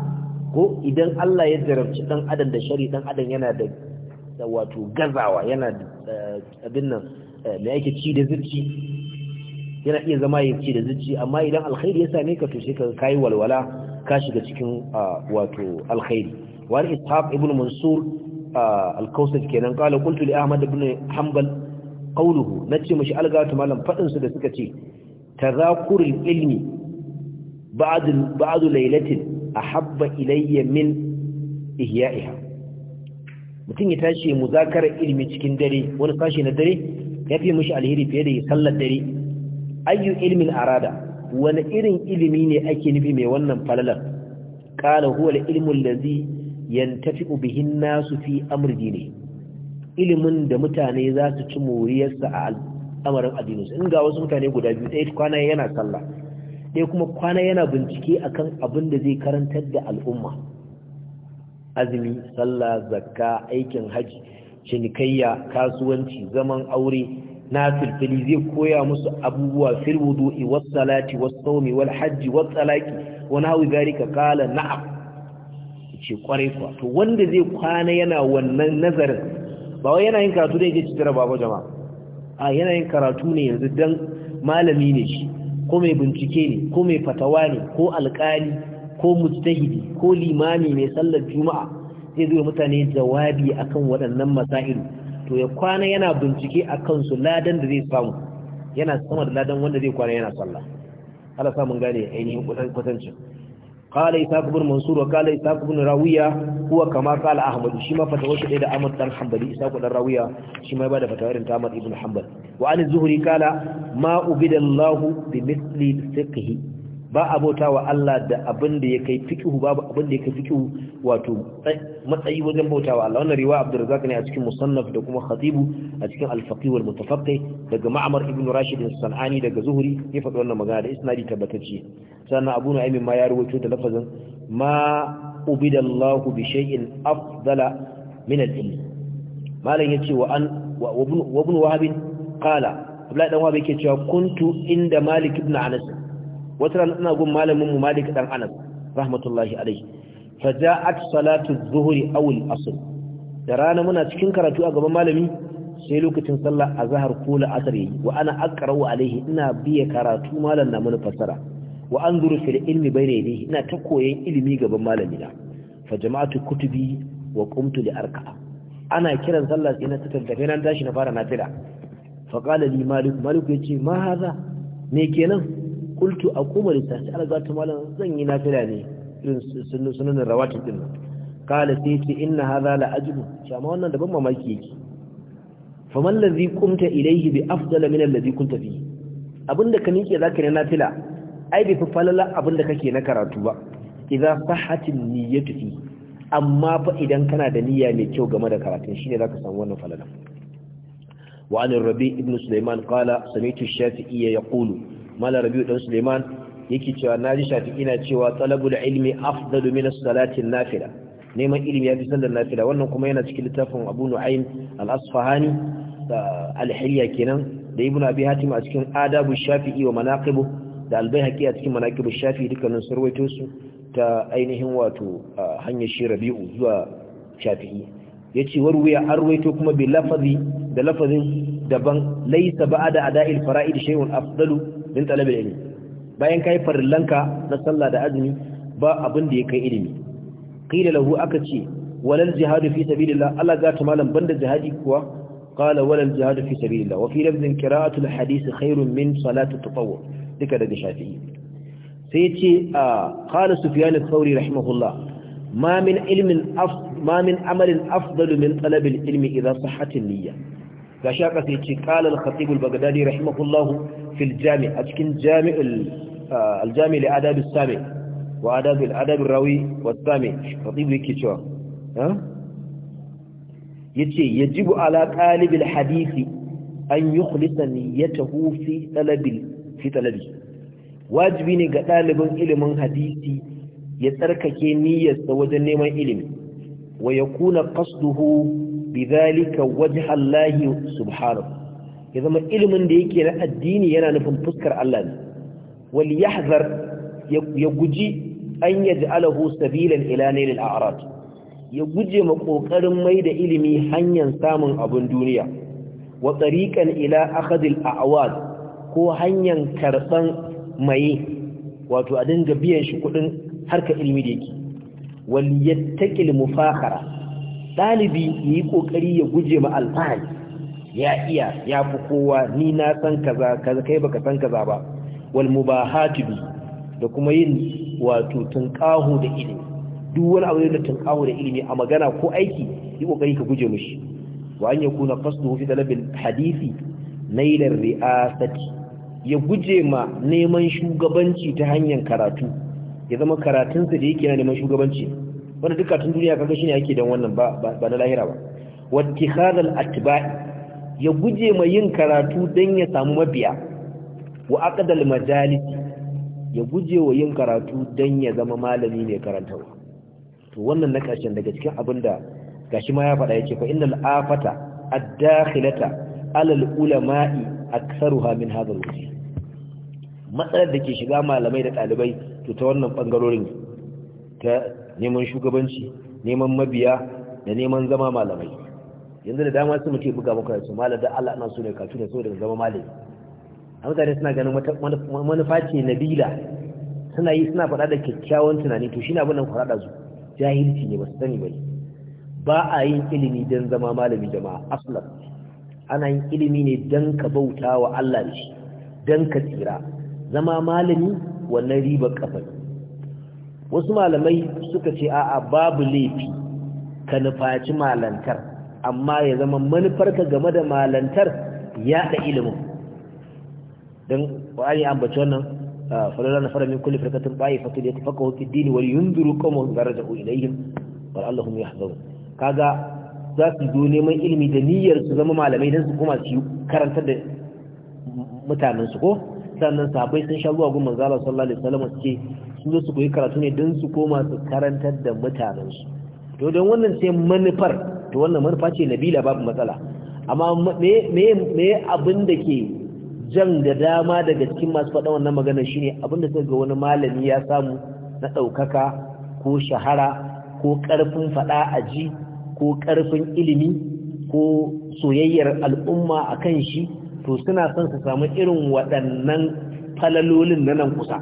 ko idan Allah ya jarabci dan adam da shari dan adam yana da wato gazawa yana eh, abin nan eh, mai ake ci da zuci yana iya zama ya ci da zuci amma idan alkhairi ya same ka to sai ka kai walwala ka shiga cikin ah, wato alkhairi wa ishaq ibn mansur ah, al-kausar kenan qala qultu li ahmad ibn hanbal qawluhu nace mishi algatu malam fadin su da suka ce tazakurul ilmi ba'd ba'd laylatin ahabba ilayya min ihya'iha mutum ya tashi muzakarar ilimi cikin dare wani sashi na dare ya fi mushi alheri fiye da ya sallar dare ayyu ilmin arada wani irin ilimi ne ake nufi mai wannan falalar qala huwa al-ilmu allazi yantafi'u bihi an-nasu fi amri dini ilimin da mutane za su ci moriyarsa a al'amarin addininsu in ga wasu mutane guda biyu ɗaya kwana yana sallah ɗaya kuma kwana yana bincike akan abin da zai karantar da al'umma azumi sallah zakka aikin haji cinikayya kasuwanci zaman aure na filfili zai koya musu abubuwa fil wudu'i was salati was sawmi wal hajji was talaqi wa nahwi zalika qala na'am ce kwarai kuwa to wanda zai kwana yana wannan nazarin ba wai yana yin karatu da yake cikin ba jama'a a yana yin karatu ne yanzu dan malami ne shi ko mai bincike ne ko mai fatawa ne ko alƙali ko mujtahidi ko limami mai sallar juma'a zai zo mutane jawabi akan waɗannan masail to ya kwana yana bincike akan su ladan da zai samu yana sama da ladan wanda zai kwana yana sallah Allah sa mun gane ainihin kudan kwatancin qala isaq ibn mansur wa qala isaq ibn rawiya huwa kama qala ahmad shi ma fatawa shi da ahmad dan hanbali isaq dan rawiya shi ma ba da fatawa irin ta ahmad ibn hanbal wa an zuhri qala ma ubida allah bi mithli fiqhi ba bauta wa Allah da abin da ya kai fikihu babu abin da ya kai wato matsayi wajen bauta wa Allah wannan riwaya Abdurrazzaq ne a cikin musannaf da kuma khatibu a cikin al-faqih wal daga Ma'mar ibn Rashid al-Sanani daga Zuhri ya faɗi wannan magana da isnadi tabbatacce sannan Abu Nu'aym ma ya rawaito da lafazin ma ubidallahu bi shay'in afdala min al-ilm malan yace wa an wa ibn wahab qala Abdullah dan wahab yake cewa kuntu inda Malik ibn Anas wata rana ina gun malamin mu Malik dan Anas rahmatullahi alaihi faja'at salatu adh-dhuhri aw al-asr da rana muna cikin karatu a gaban malami sai lokacin sallar azhar ko ya yi wa ana aqra'u alaihi ina biya karatu malam na mun fassara wa anzuru fil ilmi bayna yadayhi ina ta koyon ilimi gaban malamina fa jama'atu kutubi wa qumtu li arka'a ana kiran sallah sai na tattafe nan tashi na fara nafila fa qala li malik malik yace ma hadha me kenan kultu a kuma lita sai an malam zan yi nafila ne irin sunan rawatin din nan kala sai ce inna hadha la ajru shama wannan daban mamaki yake faman ladhi qumta ilayhi bi afdal min alladhi kunta fihi abinda ka miƙe zaka ne nafila ai bi falala abinda kake na karatu ba idza sahhatin niyyatu fi amma fa idan kana da niyya mai kyau game da karatun shine zaka samu wannan falala وعن الربيع بن سليمان قال سمعت الشافعي يقول malam rabi'u dan suleiman yake cewa ji shafi'i na cewa talabul ilmi afdalu min as-salati nafila neman ilimi yafi sallar nafila wannan kuma yana cikin littafin Abu Nu'aym al-Asfahani al-Hilya kenan da Ibn Abi Hatim a cikin Adabu Shafi'i wa Manaqibu da Al-Baihaqi a cikin Manaqibu Shafi'i dukkanin surwaito su ta ainihin wato hanyar shi Rabi'u zuwa Shafi'i yace warwiya arwaito kuma bi lafazi da lafazin daban laysa ba'da ada'il fara'id shay'un afdalu talabar ilimi bayan kayi yi farillanka na sallah da azumi ba abin da ya kai ilimi qila lahu aka ce walal jihadu fi sabilillah Allah ga ta malam banda jihadi kuwa qala walal jihadu fi sabilillah wa fi lafzin qira'atul hadith khairun min salati tatawwu duka daga shafi'i sai yace ce qala sufyan al-thawri rahimahullah ma min ilmin af ma min amalin afdalu min talabil ilmi idha sahhat an-niyyah gashi aka sai ce qala al-khatib al-baghdadi rahimahullahu fil jami' a cikin jami'ul ah, al-jami' li adab as-sami wa adab al-adab ar-rawi was-sami khatib yake cewa yace yajibu ala qalib al-hadisi an yukhlisa niyyatahu fi talabi fi talabi wajibi ne ga ɗalibin ilimin hadisi ya tsarkake niyyarsa wajen neman ilimi wa ya kuna qasduhu bidhalika wajha Allah subhanahu ya zama ilimin da yake na addini yana nufin fuskar Allah ne wal yahzar ya guji an yaj'alahu sabilan ila nailil a'rad ya guje ma kokarin mai da ilimi hanyar samun abun duniya wa tariqan ila akhdhil a'wad ko hanyar karban mai wato a dinga biyan shi kudin harka ilimi da yake wal yattaqil mufakhara ɗalibi ya yi ƙoƙari ya guje ma alfahari ya iya ya fi kowa ni na san kaza kaza kai baka san kaza ba wal mubahatu bi da kuma yin wato tunƙaho da ilimi duk wani abu da tunƙaho da ilimi a magana ko aiki yi ƙoƙari ka guje mishi wa an yakuna qasduhu fi talabil hadisi nailar ri'asati ya guje ma neman shugabanci ta hanyar karatu ya zama karatunsa da yake na neman shugabanci wanda duka tun duniya kaga shine yake dan wannan ba ba na lahira ba wattikhadul atba'i ya guje mai yin karatu dan ya samu mabiya wa aqdal majalis ya guje wa yin karatu dan ya zama malami ne karantawa to wannan na karshen daga cikin abinda gashi ma ya faɗa yake fa innal afata ad-dakhilata alal ulama'i aktharuha min hadha al-wajh matsalar da ke shiga malamai da ɗalibai to ta wannan bangarorin ta neman shugabanci neman mabiya da neman zama malamai yanzu da dama su muke buga muka su malam da Allah ana so ne katu ne so da zama malami a mutane suna ganin manufa ce nabila suna yi suna faɗa da kyakkyawan tunani to shi na nan faɗa da su jahilci ne ba su sani ba ba a yin ilimi don zama malami jama'a aslan ana yin ilimi ne don ka bauta wa Allah da dan ka tsira zama malami wannan riba kafa wasu malamai suka ce a'a babu laifi ka nufaci malantar amma ya zama manufarka game da malantar da ilimin don wa'ani ambaci wannan na فلولا نفر من كل فرقة طائفة ليتفقهوا في الدين ولينذروا قومهم إذا رجعوا إليهم ولعلهم يحذرون kaga za su zo neman ilimi da niyyar su zama malamai don su kuma su karantar da mutanensu ko sannan sabai sun sha zuwa gumman zala sallallahu alaihi wasallam su ce sun zo su koyi karatu ne don su koma su karantar da mutanensu to don wannan sai manufar to wannan manufa ce nabila babu matsala amma me abin da ke jan da dama daga cikin masu faɗa wannan magana shine abin da ga wani malami ya samu na ɗaukaka ko shahara ko ƙarfin faɗa a ji ko ƙarfin ilimi ko soyayyar al'umma a kan shi to suna son su samu irin waɗannan falalolin na nan kusa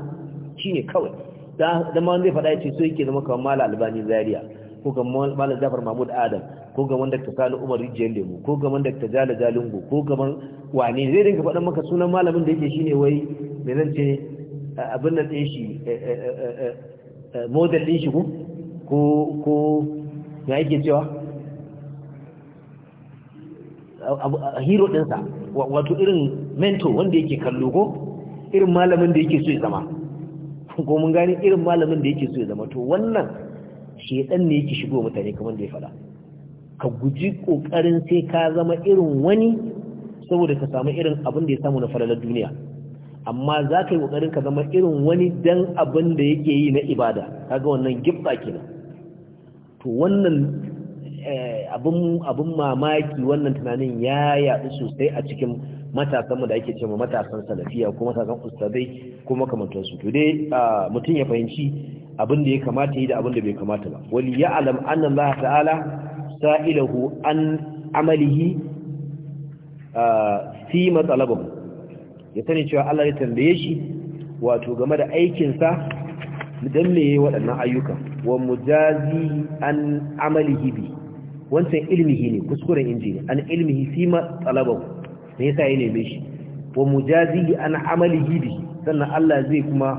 shine kawai da ma zai faɗa ya ce so yake zama kamar mala albani zaria ko kamar mala Zafar mahmud adam ko gaban da sani umar rijiyar lemu ko gaban da ta jala jalingo ko gaban wane zai dinka faɗan maka sunan malamin da yake shine wai me zan ce abin nan ɗin shi eh, eh, eh, model ɗin shi ko ko ya yake cewa hero ɗinsa wato irin mentor wanda yake kallo ko irin malamin da yake so ya zama ko mun gane irin malamin da yake so ya zama to wannan shedan ne yake shigo mutane kaman da ya fada ka guji kokarin sai ka zama irin wani saboda ka samu irin abin da ya samu na falalar duniya amma za ka yi kokarin ka zama irin wani dan abin da yake yi na ibada kaga wannan gifta kenan to wannan eh, abin mamaki wannan tunanin ya yaɗu sosai a cikin matasanmu da ake ce mu matasan salafiya ko matasan ustadai ko makamantansu to dai mutum ya fahimci abin da ya kamata yi da abin da bai kamata ba Wani ya alam annan Allah ta'ala sa'ilahu an amalihi fi matsalabahu ya sani cewa Allah ya tambaye shi wato game da aikinsa don me yi waɗannan ayyuka wa mujazi an amalihi bi wancan ilmihi ne kuskuren inji ne an ilmihi fi matsalabahu me yasa ya neme shi wa mujazihi an amalihi bihi sannan Allah zai kuma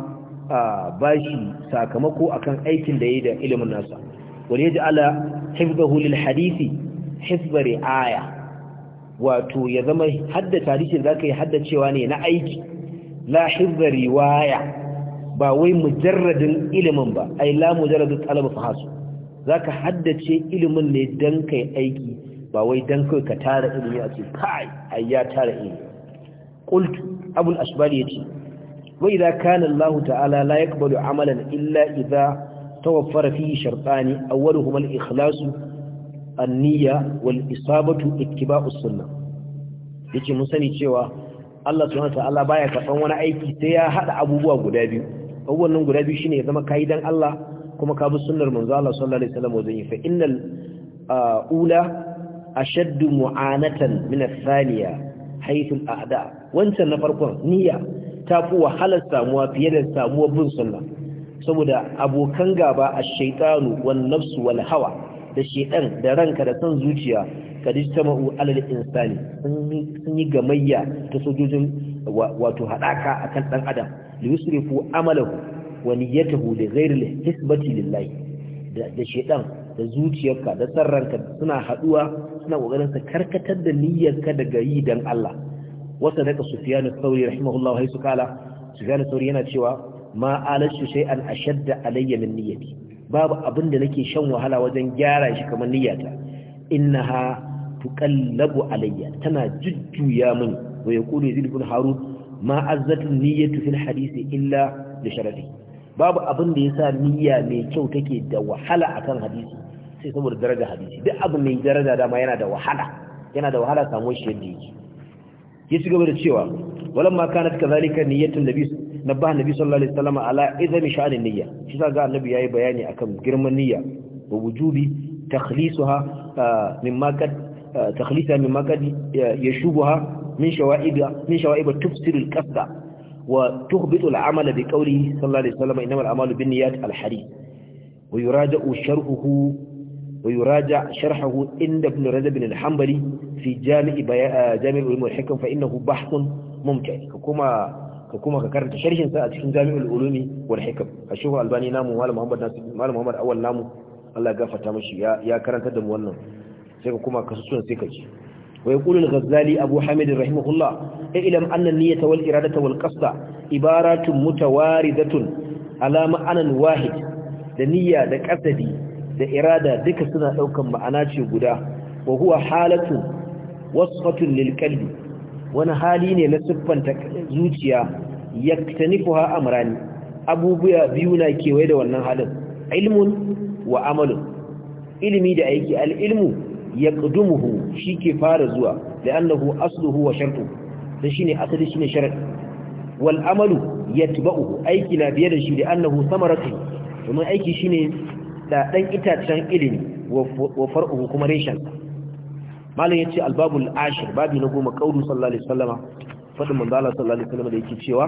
bashi sakamako akan aikin da yayi da ilimin nasa wal yaj'ala hifdahu lil hadisi hifdha riaya wato ya zama hadda tarihin zaka yi hadda cewa ne na aiki la hifdha riwaya ba wai mujarradin ilimin ba ai la mujarradu talab fahasu zaka haddace ilimin ne dan kai aiki ba wai dan kai ka tara ilimi a ce kai ai ya tara ilimi qultu abul ashbari yace Wai idan kana ta'ala la yaqbalu amalan illa idza tawaffara fihi shartani awwaluhuma al-ikhlas an anniya wal-isabatu ittiba'u sunnah yace mun sani cewa Allah subhanahu Allah baya karban wani aiki sai ya haɗa abubuwa guda biyu abubuwan nan guda biyu shine ya zama kayi dan Allah kuma ka bi sunnar manzo Allah sallallahu alaihi wasallam wajen yi fa innal uh, ula A ashaddu mu'anatan min athaniya haythu al'ada wancan na farkon niyya ta fi wahalar samuwa fiye da samuwar bin sunna saboda abokan gaba a shaytanu wan nafsu wal hawa da shedan da ranka da san zuciya kadijtama'u alal insani sun yi gamayya ta sojojin wato haɗaka akan ɗan adam liyusrifu amalahu wa niyyatahu li ghayril hisbati lillahi da shedan da zuciyarka da sarranka suna haduwa suna kokarin sa karkatar da niyyarka daga yi dan Allah wata daga Sufyan al-Thawri rahimahullahu haythu kala Sufyan al-Thawri yana cewa ma alashu shay'an ashadda alayya min niyyati babu abin da nake shan wahala wajen gyara shi kamar niyyata innaha tuqallabu alayya tana jujjuya min wa yaqulu yazid ibn harun ma azzatu niyyatu fil hadisi illa li sharafi babu abin da yasa niyya mai kyau take da wahala akan hadisi sai saboda daraja hadisi duk abu mai daraja dama yana da wahala yana da wahala samu shi yadda yake ya ci gaba da cewa walam ma kanat kazalika niyyatun nabi nabba nabi sallallahu alaihi wasallam ala idami sha'anin niyya shi ga annabi yayi bayani akan girman niyya wa wujubi takhlisuha mimma kad takhlisa mimma kad yashubuha min shawa'ib min shawa'ib tufsir al-qasda wa tuhbitu al-amala bi qawlihi sallallahu alaihi wasallam innamal a'malu binniyat al-hadith ويراجع شرحه ويراجع شرحه عند ابن رجب الحنبلي في جامع جامع العلوم والحكم فإنه بحث ممتع كما كما كررت شرحه ساعة في جامع العلوم والحكم الشيخ الألباني نامو مال محمد ناصر مال محمد أول نامو الله غفرت مشي يا يا كرنت دم wannan sai kuma kasusun sai kaji ويقول الغزالي أبو حامد رحمه الله اعلم أن النية والإرادة والقصد عبارات متواردة على معنى واحد da niyya da kasadi da irada duka suna daukan ma'ana ce guda wa huwa halatu wasfatun lil qalbi wani hali ne na siffanta zuciya yaktanifuha amurani. abubuwa biyu na kewaye da wannan halin ilmun wa amalun ilimi da aiki ya ilmu shi ke fara zuwa li'annahu asluhu wa shartuhu dan shine asali shine sharadi wal amalu yatba'uhu aiki na biyar da shi li'annahu samaratu domin aiki shi ne. da ɗan itacen ilimi wa far'uhu kuma reshen malam yace albabul ashir babi na goma kaulu sallallahu alaihi wasallama fadin manzo sallallahu alaihi wasallama da yake cewa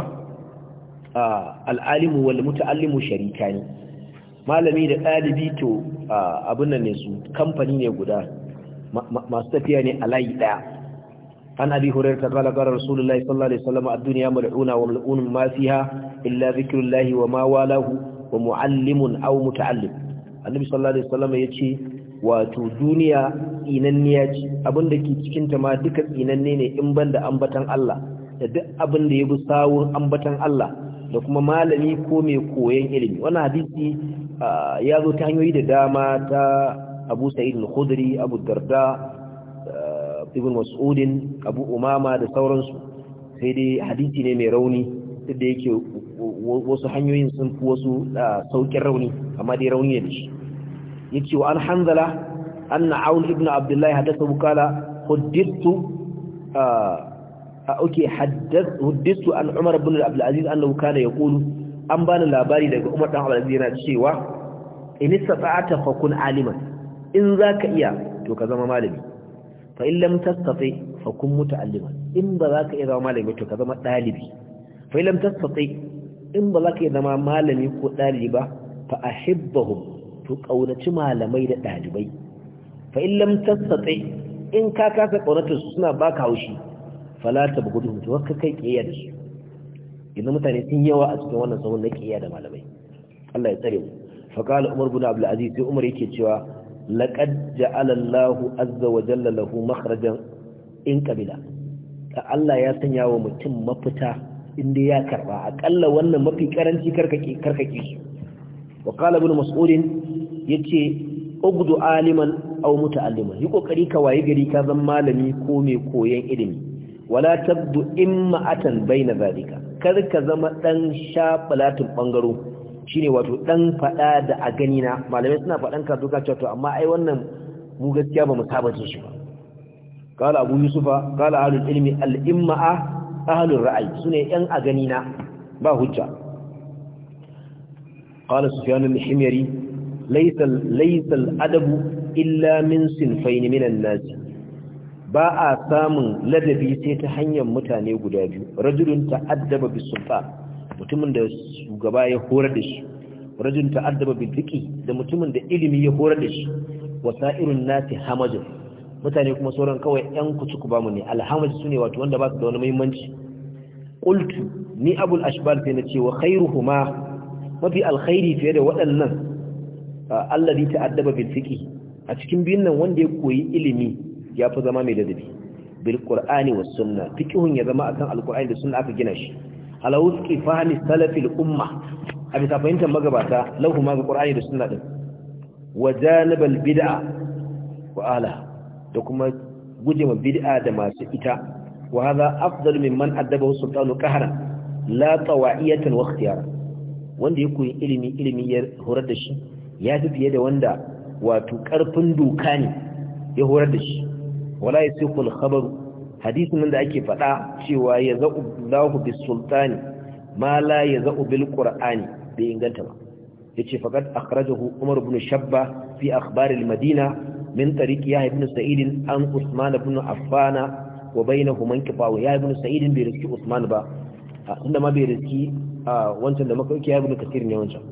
al-alimu wal sharika sharikani malami da ɗalibi to abin nan ne su kamfani ne guda masu tafiya ne a layi daya an abi ta qala qala rasulullahi sallallahu alaihi wasallama ad-dunya mal'una wa mal'un ma fiha illa dhikrullahi wa ma walahu wa mu'allimun aw muta'allim annabi sallallahu alaihi wasallam ya ce wato duniya tsinanniya ce abin ke cikin ta ma duka inanne ne in banda ambatan Allah da duk abin da ya sawun ambatan Allah da kuma malami ko mai koyon ilimi wannan hadisi ya zo ta hanyoyi da dama ta Abu Sa'id al-Khudri Abu Darda Ibn Mas'ud Abu Umama da sauransu sai dai hadisi ne mai rauni duk da yake wasu hanyoyin sun fi wasu saukin rauni amma dai rauni ne shi yace wa an hanzala anna aun ibn abdullahi Haddasa Bukala huddithu ah, ah, okay haddath huddithu an umar ibn abdul aziz annahu ya yaqulu an bani labari daga umar dan abdul aziz yana cewa in istata'ata fa kun aliman in za ka iya to ka zama malami fa in lam tastati fa kun muta'alliman in ba za ka iya zama malami to ka zama dalibi fa in lam tastati in ba za ka iya zama malami ko dalibi ba fa a ahibbahum to ƙaunaci malamai da ɗalibai. fa in lam in ka kasa kaunatar su suna baka haushi fala tabghuduhum to ka kai kiyaya da su idan mutane sun yawa a cikin wannan sahun na kiyaya da malamai Allah ya tsare mu fa qala umar ibn abdul aziz sai umar yake cewa laqad ja'ala Allahu azza wa jalla lahu makhrajan in qabila Allah ya sanya wa mutum mafita inda ya karba akalla wannan mafi karanci karkake karkake shi wa qala mas'udin mas'ud yace ugdu aliman aw muta'alliman yi kokari ka waye gari ka zan malami ko mai koyan ilimi wala tabdu imma'atan baina zalika kar ka zama dan shafalatin bangaro shine wato dan fada da a gani na malamai suna fadan ka duka cewa to amma ai wannan mu gaskiya ba mu sabace shi ba kala abu yusufa qala ahlul ilmi al imma'a ahlur su sune yan a gani na ba hujja qala sufyan al-himyari laysa adabu illa min sinfayn min an-nas ba a samun ladabi sai ta hanyar mutane guda biyu rajulun ta'addaba bisulfa mutumin da shugaba ya horar da shi rajulun ta'addaba bidiki da mutumin da ilimi ya horar da shi wasairun nasi hamajun mutane kuma sauran kawai yan kutuku bamu ne alhamaj sune wato wanda ba su da wani muhimmanci qultu ni abul ashbal sai na ce wa khairuhuma mafi alkhairi fiye da waɗannan alladhi ta'addaba bil fiqh a cikin biyun nan wanda ya koyi ilimi ya fi zama mai ladabi bil qur'ani was sunna fiqhun ya zama akan alqur'ani da sunna aka gina shi ala fahmi salafil umma a bisa magabata lahu ma ga qur'ani da sunna din wa janibal bid'a wa ala da kuma gujewa bid'a da masu ita wa hadha afdalu mimman addabahu sultanu qahran la tawa'iyatan wa ikhtiyara wanda ya koyi ilimi ilimi ya horar da shi ya fi fiye da wanda wato karfin doka ne ya horar da shi wala ya sai khabar hadisin nan da ake faɗa cewa ya za'u lahu bis sultani ma la ya za'u bil qur'ani bai inganta ba yace faqad akhrajahu umar ibn shabba fi akhbar al madina min tariq yahya ibn sa'id an usman ibn affana wa bainahuma inqifa yahya ibn sa'id bai riski usman ba inda ma bai riski wancan da maka yake ya da kathir ne wancan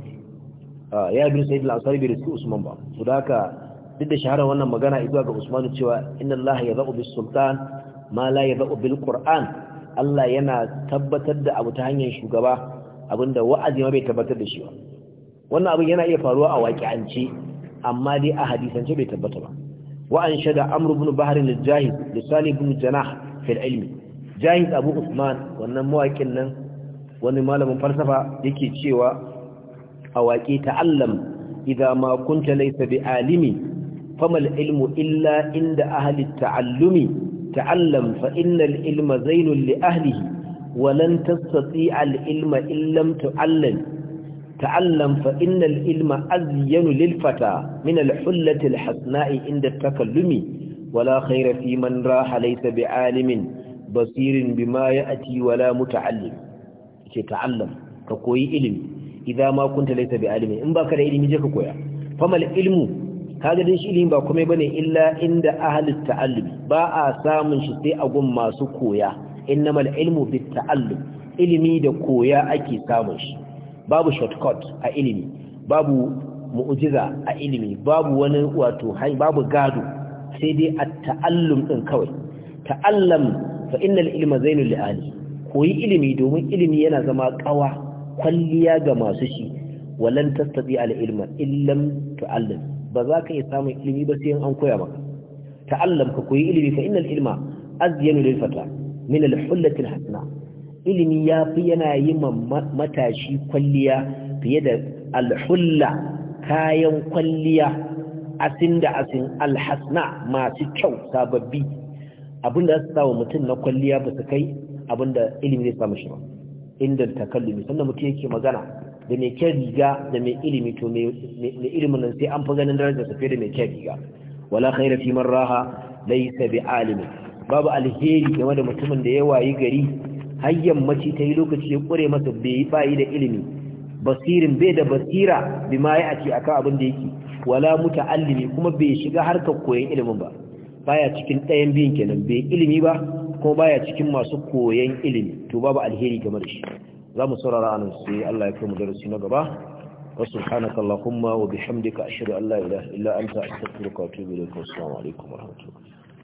ya bi sai al-ansari bai riski usman ba su da haka duk da shahara wannan magana izuwa ga usman cewa inna ya yadau bis sultan ma la yadau bil qur'an allah yana tabbatar da abu ta hanyar shugaba abinda wa'azi ma bai tabbatar da shi ba wannan abin yana iya faruwa a waƙi'ance amma dai a hadisance bai tabbata ba wa an shada amr ibn bahr al-jahiz li salih janah fi al-ilm abu usman wannan mawaƙin nan wani malamin falsafa yake cewa a waƙe ta'allam idan ma kunta laysa bi alimi famal ilmu illa inda ahli ta'allumi ta'allam fa innal ilma zainul li ahlihi wa lan tastati'a al ilma illam tu'allam ta'allam fa innal ilma azyanu lil fata min al hullati al hasna'i inda takallumi ولا خير man من راح basirin بعالم بصير بما يأتي ولا متعلم ce ta'allam ka koyi ilimi idan ma kunta laysa bi alimi in baka da ilimi je ka koya famal ilmu kaga din shi ilimi ba komai bane illa inda ahli ta'allumi ba a samun shi sai a gun masu koya innamal ilmu bit ta'allum ilimi da koya ake samun shi babu shortcut a ilimi babu mu'jiza a ilimi babu wani wato hai babu gado sai dai at ta'allum din kawai ta'allam fa innal ilma zainul li'ali koyi ilimi domin ilimi yana zama kawa kwalliya ga masu shi walan tastabi al ilma illam tu'allim ba za ka iya samun ilimi ba sai an koya maka ta'allam ka koyi ilimi fa innal ilma azyanu lil fata min al hullati al hasna ilimi yafi yana yi matashi kwalliya fiye da al hulla kayan kwalliya asin da asin alhasna masu kyau sababbi abinda za su sa wa mutum na kwalliya ba su kai abinda ilimi zai samu shi ba inda takallumi sannan mutum yake magana da mai kyan riga da mai ilimi to mai ilimin nan sai an fi ganin darajar safiya da mai kyan riga wala khaira fi man raha laysa bi alimi babu alheri game da mutumin da ya wayi gari har mace ta yi lokaci ya kure masa bai bayi da ilimi basirin bai da basira bi ma ya ake akan abin da yake wala muta'allimi kuma bai shiga harkar koyon ilimin ba baya cikin ɗayan biyun kenan bai ilimi ba ko baya cikin masu koyon ilimi to babu alheri game da shi za mu saurara anan sai Allah ya kai mu darasi na gaba wa subhanaka allahumma wa bihamdika ashhadu an la ilaha illa anta astaghfiruka wa atubu ilaik assalamu alaikum wa rahmatullahi